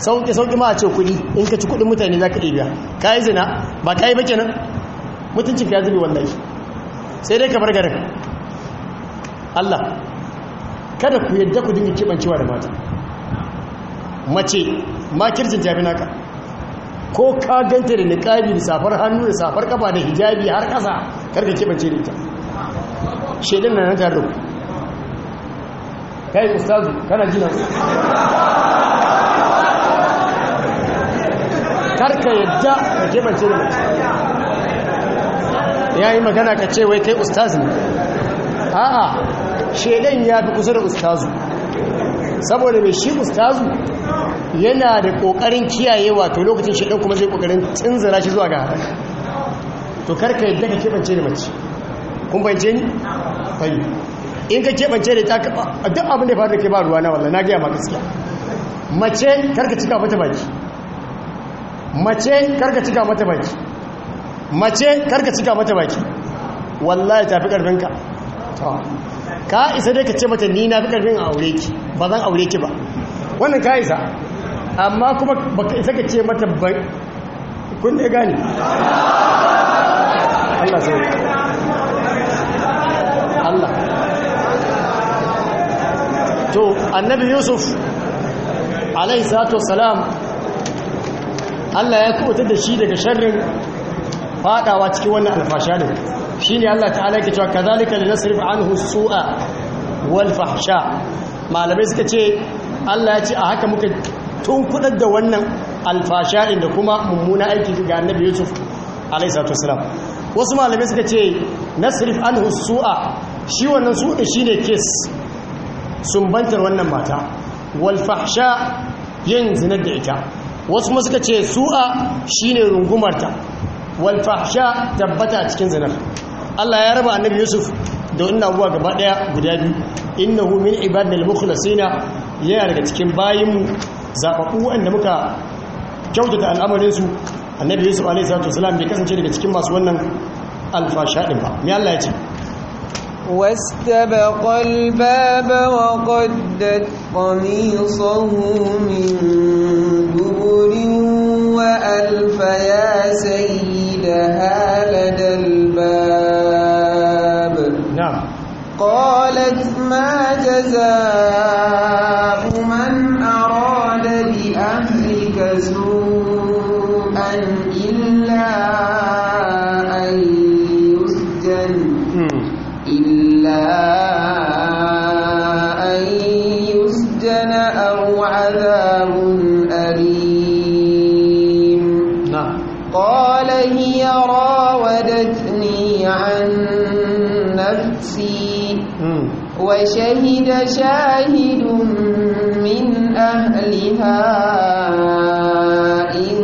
sauki sauki ma a ce kuɗi in ka ci kuɗin mutane za ka iya biya ka yi zina ba ka yi ba kenan mutuncin ka ya zube wallahi sai dai ka bar garin Allah kada ku yadda ku dinga kibancewa da mata mace kirjin jami naka ko ka ganta da niƙabi da safar hannu da safar kafa da hijabi har ƙasa karka kibance da ita shaidan na nan tare da ku kai ustazu kana jina nan karka yadda ka kebance da mace ya yi magana ka ce wai kai ustazu ne a'a shedan ya fi kusa da ustazu saboda mai shi ustazu yana da kokarin kiyayewa wato lokacin shedan kuma zai kokarin tunzura shi zuwa ga to karka yadda ka kebance da mace kun bance ni fayi in ka kebance da ta duk abin da ya faru da ke ba ruwa na wallah na gaya ma gaskiya mace karka cika mata baki mace karka cika mata baki mace karka cika mata baki wallahi tafi karfinka ka isa dai ka ce mata ni na fi karfin aure ki ba zan aure ki ba wannan ka isa amma kuma baka isa ka ce mata ba kun ne gani Allah sai Allah to annabi yusuf alaihi salatu wassalam Allah ya kubutar da shi daga sharrin fadawa cikin wannan alfasha ne shine Allah ta'ala yake cewa kazalika linasrif anhu su'a wal fahsha malamai suka ce Allah ya ce a haka muka tunkudar da wannan alfasha da kuma mummuna aiki ga annabi yusuf alaihi salatu wassalam wasu malamai suka ce nasrif anhu su'a shi wannan su'a shine kes sun sumbantar wannan mata walfahsha yin zinar da ita wasu kuma suka ce su'a shine rungumarta walfahsha tabbata cikin zinar Allah ya raba annabi Yusuf da wannan abuwa gaba daya guda biyu Inna innahu min ibadil mukhlasina yana daga cikin bayinmu zababu wanda muka kyautata al'amarin su annabi Yusuf alaihi salatu wasalam bai kasance daga cikin masu wannan alfasha din ba me Allah ya ce واستبق الباب وقدت قميصه من دبر وألف يا سيدها لدى الباب نعم قالت ما جزاك نفسي وشهد شاهد من أهلها إن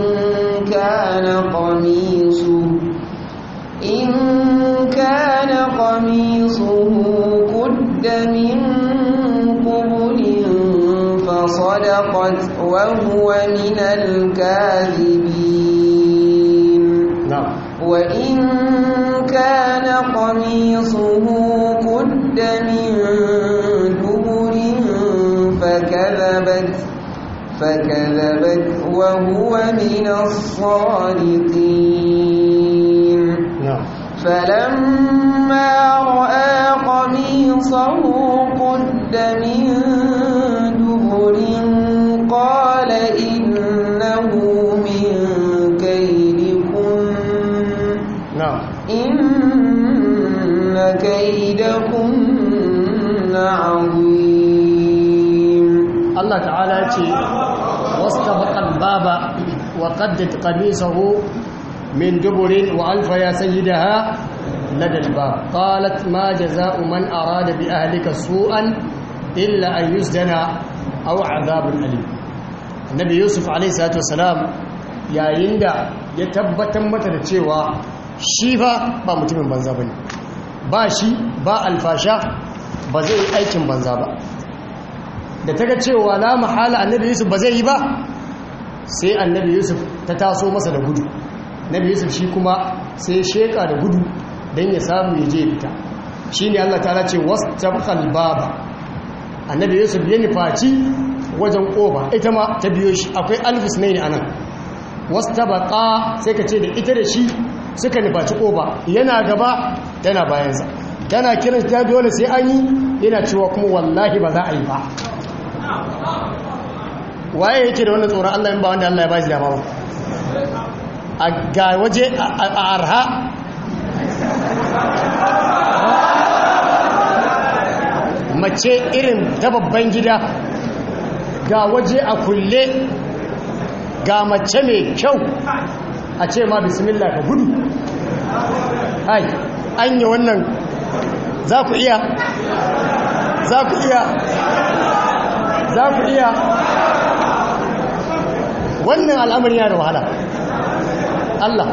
كان قميصه إن كان قميصه قد من قبل فصدقت وهو من الكاذبين نعم. وإن كان قميصه لابد من دبر فكذبت فكذبت وهو من الصادقين نعم. فلما رأى قميصه قد من Allah ta'ala ya ce wastabaqal baba wa qaddat qamisahu min duburin wa alfa ya sayyidaha lada albab qalat ma jazaa'u man arada bi ahlika su'an illa an yusjana aw 'adhabun alim annabi yusuf alayhi salatu wasalam yayin da ya tabbatar mata da cewa shi fa ba mutumin banza bane ba shi ba alfasha ba zai aikin banza ba da ta ga cewa la mahala annabi yusuf ba zai yi ba sai annabi yusuf ta taso masa da gudu annabi yusuf shi kuma sai sheka da gudu don ya samu ya je fita shi ne allah ta ce wasu baba annabi yusuf ya nufaci wajen ƙoba ita ma ta biyo shi akwai alfis ne a nan wasu sai ka ce da ita da shi suka nufaci ƙoba yana gaba tana bayansa tana kiran ta biyo da sai an yi yana cewa kuma wallahi ba za a yi ba waye yake da wannan tsoron Allah in ba wanda Allah ya ba shi dama ba a ga waje a arha mace irin ta babban gida ga waje a kulle ga mace mai kyau a ce ma bismillah ka gudu hai an yi wannan za ku iya za ku iya za ku iya wannan al'amari yana da wahala Allah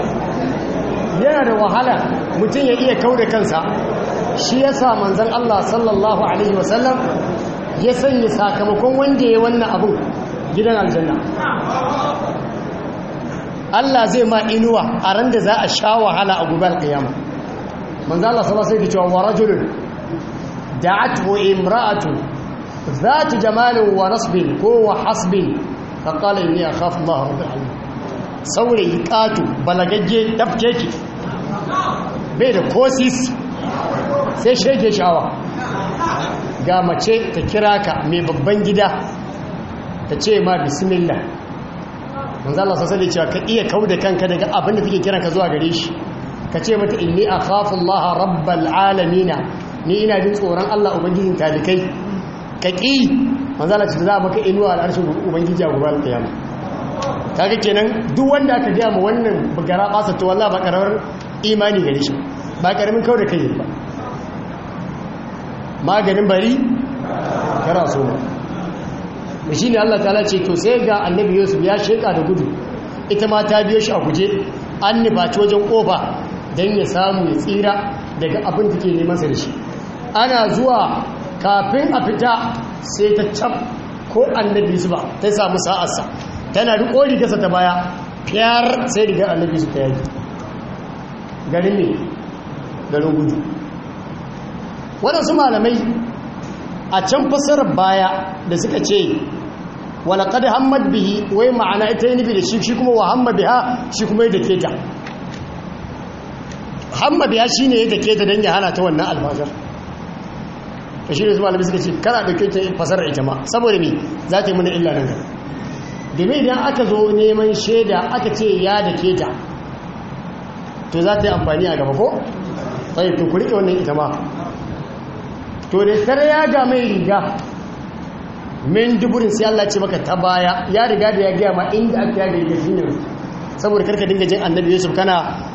yana da wahala mutum ya iya kau da kansa shi ya sa manzan Allah sallallahu Alaihi wasallam ya sanya sakamakon wanda ya wannan abun gidan aljanna Allah zai ma inuwa a ran da za a sha wahala a gobe ƙiyama. manzan Allah sallallahu Alaihi wasallam sai ke cewa wa rajulun imra'atu ذات جمال ونصب هو حسب فقال إني أخاف الله رب العالمين saurayi ƙato balagagge dafke ki bai da kosis sai shege shawa ga mace ta kira ka mai babban gida ta ce ma bismillah manzala sassa da cewa ka iya kau da kanka daga abinda take kiran ka zuwa gare shi ka ce mata inni a kafin laha rabbal alamina ni ina jin tsoron allah ubangijin talikai kaki manzo Allah ce za maka inuwa al'arshin ubangiji a gobe alƙiyama kaga kenan duk wanda aka gaya ma wannan bugara basa ta wallahi ba karar imani gare shi ba karamin kawai da kai ba maganin bari kara so ba da shi ne Allah ta ce to sai ga annabi yusuf ya sheka da gudu ita ma ta biyo shi a guje an nufaci wajen kofa don ya samu ya tsira daga abin da ke neman sa da shi ana zuwa kafin a fita sai ta cap ko annabi su ba ta samu sa'arsa tana riko rigarsa ta baya fiyar sai rigar annabi su ta yaki garin ne garin gudu waɗansu malamai a can fasar baya da suka ce walaƙad hamad bihi wai ma'ana ita yi nufi da shi shi kuma wa hamad biha shi kuma ya dake ta hamad biha shi ne ya dake ta don ya hana ta wannan almazar ka shi ne su ka suka ce kana da kyau fasara ita ma saboda me za ta yi mana illa nan domin idan aka zo neman shaida aka ce ya da ta to za ta yi amfani a gaba ko sai to ku rike wannan ita ma to da sare ya ga mai riga min duburin sai Allah ce maka ta baya ya riga da ya gaya ma inda aka yaga riga shine saboda karka dinga jin annabi Yusuf kana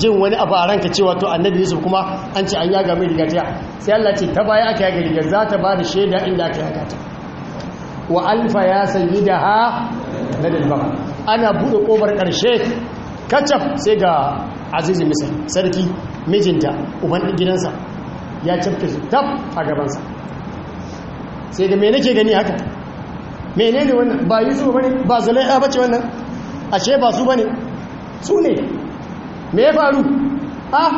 jin wani abu a ranka cewa to annabi yusuf kuma an ce an ya gami riga ta sai Allah ce ta baya aka yaga riga za ta ba da shaida inda aka yaga ta wa alfa ya da ha ladal baba ana bude kobar karshe kacaf sai ga azizi misal sarki mijinta uban gidansa ya cafke shi tab a gabansa sai da me nake gani haka menene wannan ba yusuf bane ba zulaiha bace wannan ashe ba su bane su ne me ya faru ah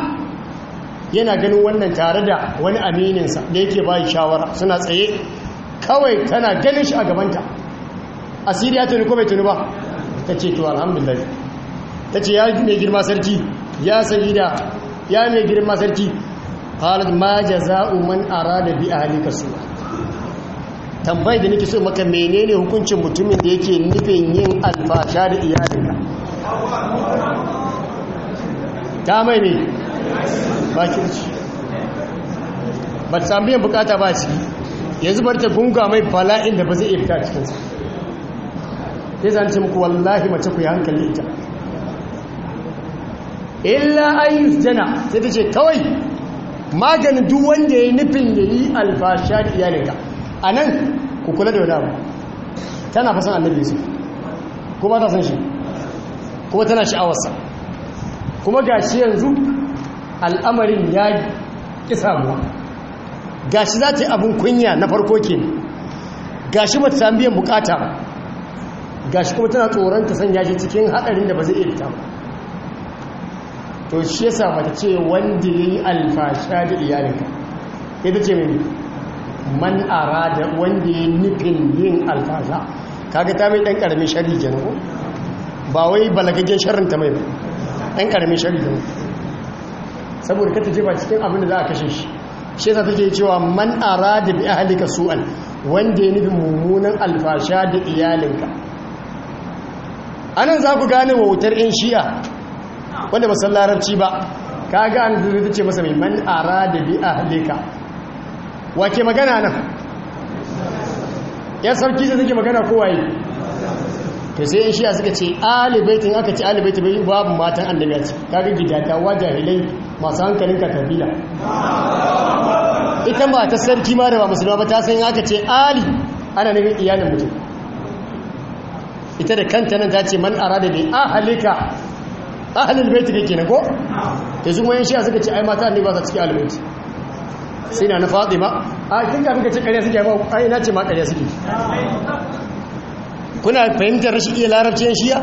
yana ganin wannan tare da wani amininsa da yake bayi shawara suna tsaye kawai tana ganin shi a gabanta asiriya ta tuni bai tuni ba ta ce to alhamdulillah ta ce ya mai girma sarki ya sayi da ya mai girma sarki halin ma jaza'u man arada bi ahlika su'a tambayi da nake so maka menene hukuncin mutumin da yake nufin yin alfasha da iyalinka ta mai ne bakirci ba ta sami bukata ba ciki yanzu bar ta gunga mai bala'in da ba zai iya fita cikinsa ya ce muku wallahi mace ku yi hankali ita illa ayyus jana sai ta ce kawai maganin duk wanda ya yi nufin da yi alfasha da iyalinka a nan ku kula da wadawa tana fasan annabi su ko ta san shi kuma tana sha'awarsa kuma ga shi yanzu al'amarin ya ƙi samuwa shi za ta yi abin kunya na farko ke gashi ba ta sami biyan bukata ba shi kuma tana tsoron ta sanya shi cikin haɗarin da ba zai iya ba to shi yasa mata ce wanda ya yi alfasha da iyalinka Ya ta ce mai man da wanda ya nufin yin alfasha kaga ta mai ɗan ƙaramin shari'a ba wai balagaggen sharrinta mai ba ɗan ƙaramin shari da saboda kata jefa cikin abin da za a kashe shi shi yasa take cewa man a radin ya halika su'an wanda ya nufi mummunan alfasha da iyalinka anan za ku gane wautar yan shi'a wanda ba san larabci ba ga an ta ce masa mai man a ya halika wa ke magana nan ya sarki ta take magana kowaye to sai shi suka ce alibaitin aka ce alibaitin babu matan annabi ce da gidata wa jahilai masu hankalin ka kabila ita ba ta sarki ma da ba musulma ba ta san aka ce ali ana nufin iyalin mutum ita da kanta nan ta ce man arada bi ahlika ahlul bait ne kenan ko to su wayan shi suka ce ai mata annabi ba su cikin albaiti sai na na fatima a kinka ga kika ce kariya suke ba ai na ce ma kariya suke kuna fahimtar shi iya larabcin shiya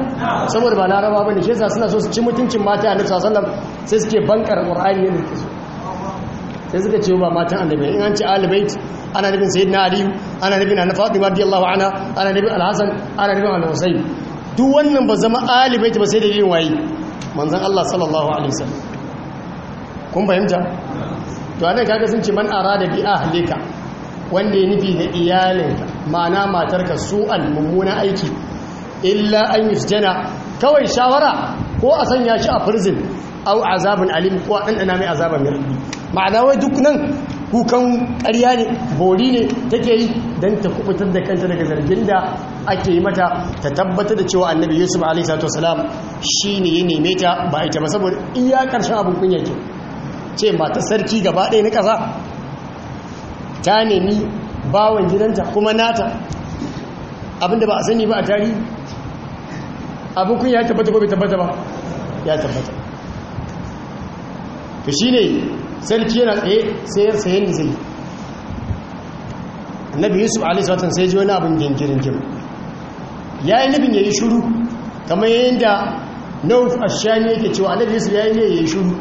saboda ba laraba ne, shi suna so su ci mutuncin mata a nufsa sallam sai suke bankar qur'ani yadda ke so sai suka ce ba matan annabi in an ci alibai, ana nufin na Aliyu, ana nufin annabi fatima radiyallahu anha ana nufin Alhassan, ana nufin alhassai duk wannan ba zama alibait ba sai da yin waye manzan Allah sallallahu alaihi wasallam kun fahimta to anan kaga sun ce man arada bi ahlika wanda ya nufi da iyalinka ma'ana matarka su'an mummunan aiki illa an yi jana. kawai shawara ko a sanya shi a firzin au azabin alim ko a ɗanɗana mai azabin mirɗi ma'ana wai duk nan kukan ƙarya ne bori ne take yi don ta kubutar da kanta daga zargin da ake yi mata ta tabbatar da cewa annabi yusuf alaihi salam shi ne ya neme ta ba ita ba saboda iya karshen abin kunya ke ce ba ta sarki gaba ɗaya na ƙasa ta nemi bawan gidanta kuma nata abinda ba a sani ba a tari abin kun ya tabbata ko bai tabbata ba ya tabbata to shi ne sarki yana tsaye sayar sayan da zai annabi yusuf watan sai ji wani abin gingirin jim ya yi nufin ya yi shuru kamar yadda nauf ashani yake cewa annabi yusuf ya yi ne ya yi shuru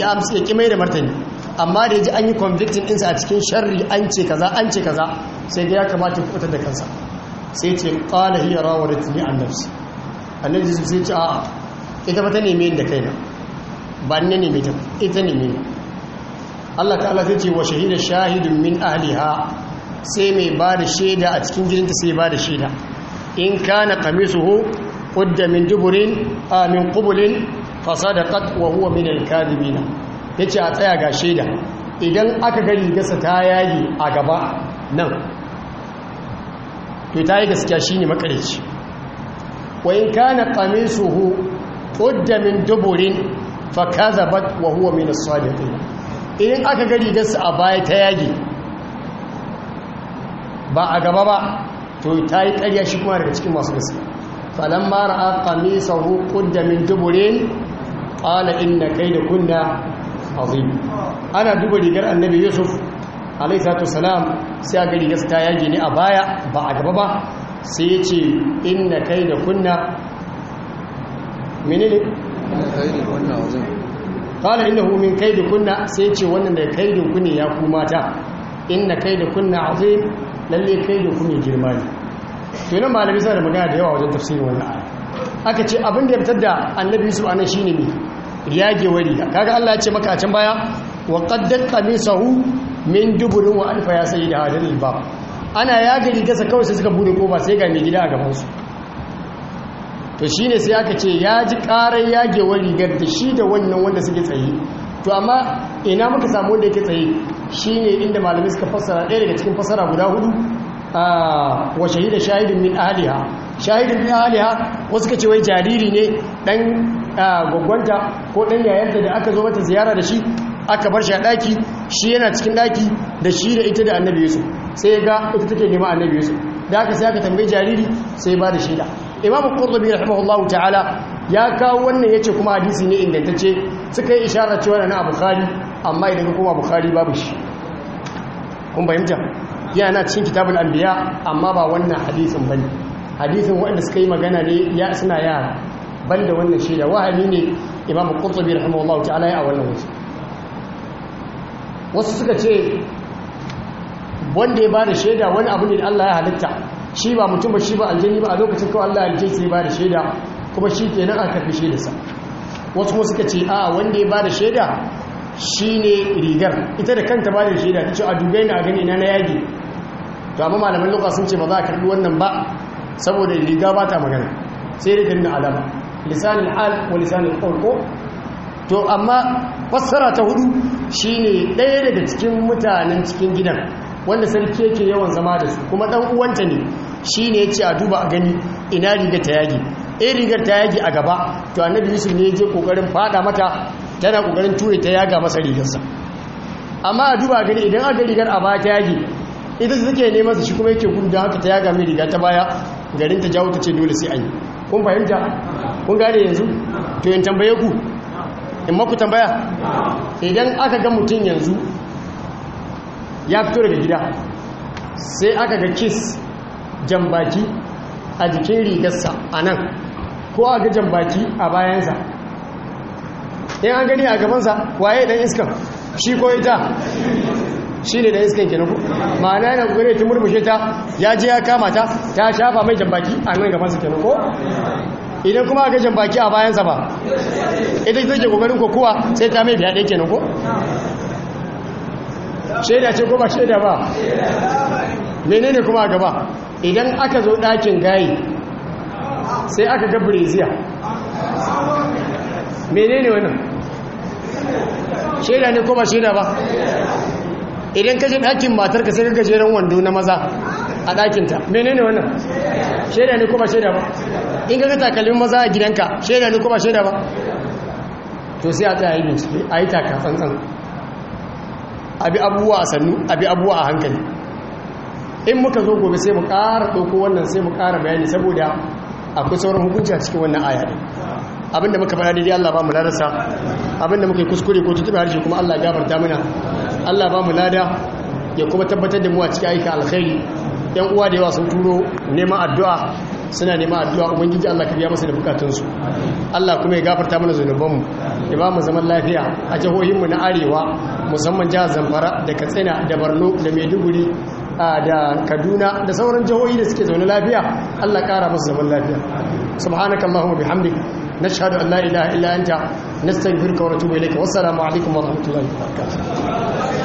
ya ki mai da martani amma da ya ji an yi convicting ɗinsa a cikin sharri an ce kaza an ce kaza sai da ya kamata ya kubutar da kansa sai ce ƙala hiya rawar da tuni an nafsi nan jisus sai ce a'a ita mata ta neme da kai na ba ne neme ta ita neme ne. Allah ta'ala sai ce wa shahida shahidun min ahliha sai mai ba da shaida a cikin jirinta sai ba da shaida in kana qamisuhu qudda min duburin a min qubulin fasadaqat wa huwa min al-kadhibina ya ce a tsaya ga shaida idan aka ga rigarsa ta yayi a gaba nan to ta yi gaskiya shi ne makarici wa in kana qamisuhu qudda min duburin fa kazabat wa huwa min as-sadiqin idan aka ga rigarsa a baya ta yage ba a gaba ba to ta yi ƙarya shi kuma daga cikin masu gaskiya falamma ra'a qamisahu qudda min duburin qala inna kayda kunna azim ana duba rigar annabi yusuf alaihi salam sai ga rigar ta yage ne a baya ba a gaba ba sai ya ce inna kai da kunna menene kala inna hu min kai da kunna sai ya ce wannan da kai da kunne ya ku mata inna kai da kunna azim lalle kai da kunne girma ne to nan malami sai da magana da yawa wajen tafsirin wannan aya aka ce abin da ya fitar da annabi yusuf anan shine ne yage wariya kaga Allah ya ce maka a can baya wa qaddat qamisahu min duburin wa alfa ya sayyida hadal ba ana yaga rigarsa kawai sai suka bude kofa sai ga mai gida a gaban su to shine sai aka ce ya ji yage yagewar rigar da shi da wannan wanda suke tsaye to amma ina muka samu wanda yake tsaye shine inda malamai suka fassara ɗaya daga cikin fassara guda hudu wa shahida shahidin min aliha shahidin min aliha wasu ka ce wai jariri ne dan gwaggwanta ko ɗan yayanta da aka zo mata ziyara da shi aka bar shi a ɗaki shi yana cikin ɗaki da shi da ita da annabi yusuf sai ya ga ita take nema annabi yusuf da aka sai aka tambayi jariri sai ba da da imamu qurtubi rahimahullahu ta'ala ya kawo wannan ya ce kuma hadisi ne ingantacce suka yi isharar cewa na bukhari amma idan kuma bukhari babu shi kun fahimta yana cikin kitabul anbiya amma ba wannan hadisin bane hadisin wanda suka yi magana ne ya suna yara banda wannan shaida wahani ne imam qurtubi rahimahullahu ta'ala ya a wannan waje wasu suka ce wanda ya bada shaida wani abu ne da Allah ya halitta shi ba mutum ba shi ba aljani ba a lokacin kawai Allah ya halitta sai bada shaida kuma shi kenan an karbi sa wasu kuma suka ce a wanda ya bada shaida shine rigar ita da kanta bada shaida ta ce a dubai na gani na na yage to amma malaman lokacin sun ce ba za a karbi wannan ba saboda riga ba ta magana sai da na alama lisanin hal wa lisanin ƙorko to amma fassara ta hudu shine daya daga cikin mutanen cikin gidan wanda sarki yake yawan zama da su kuma ɗan uwanta ne shine yace a duba a gani ina rigar ta yage eh rigar ta yage a gaba to annabi yusuf ne ya je kokarin fada mata tana kokarin ture ta yaga masa rigarsa amma a duba gani idan aka rigar a baya ta yage idan suke ne masa shi kuma yake gudu da haka ta yaga mai riga ta baya garin ta jawo ta ce dole sai an yi kun fahimta kun gane yanzu to yin tambaye ku in maku tambaya idan aka ga mutum yanzu ya fito daga gida sai aka ga kis jambaki a jikin rigarsa a nan ko a ga jambaki a bayansa in an gani a gabansa waye dan iskan shi ko ita shi ne dan iskan kenan ko ma'ana yana kokarin ta murmushe ta ya je ya kama ta ta shafa mai jambaki a nan gabansa kenan ko idan kuma aka jan baki a bayansa ba ita ke kokarin kokowa sai ta mai biya ke kenan ko shaida ce ko ba shaida ba menene kuma a gaba idan aka zo ɗakin gayi sai aka ga breziya menene wannan shaida ne ko ba shaida ba idan ka je ɗakin matar ka sai ka gajeren wando na maza a ɗakinta menene wannan shaida ne ko ba shaida ba in ga takalmin maza a gidanka shaida ne kuma shaida ba to sai a tsaye a yi taka tsantsan abi abubuwa a sannu abi abubuwa a hankali in muka zo gobe sai mu ƙara ɗauko wannan sai mu ƙara bayani saboda akwai sauran hukunci a cikin wannan aya ɗin abinda muka faɗa daidai Allah ba mu larasa abinda muka yi kuskure ko tutuɓe harshe kuma Allah ya gafarta mana Allah ba mu lada ya kuma tabbatar da mu a cikin aika alkhairi yan uwa da yawa sun turo neman addu'a suna neman addu'a ubangiji Allah ka biya masa da bukatunsu Allah kuma ya gafarta mana zunubanmu ya ba mu zaman lafiya a jihohinmu na arewa musamman jihar Zamfara da Katsina da Barno da Maiduguri da Kaduna da sauran jihohi da suke zaune lafiya Allah kara masu zaman lafiya subhanakallahumma bihamdik nashhadu an la ilaha illa anta nastaghfiruka wa natubu ilayka wassalamu alaikum wa rahmatullahi wa barakatuh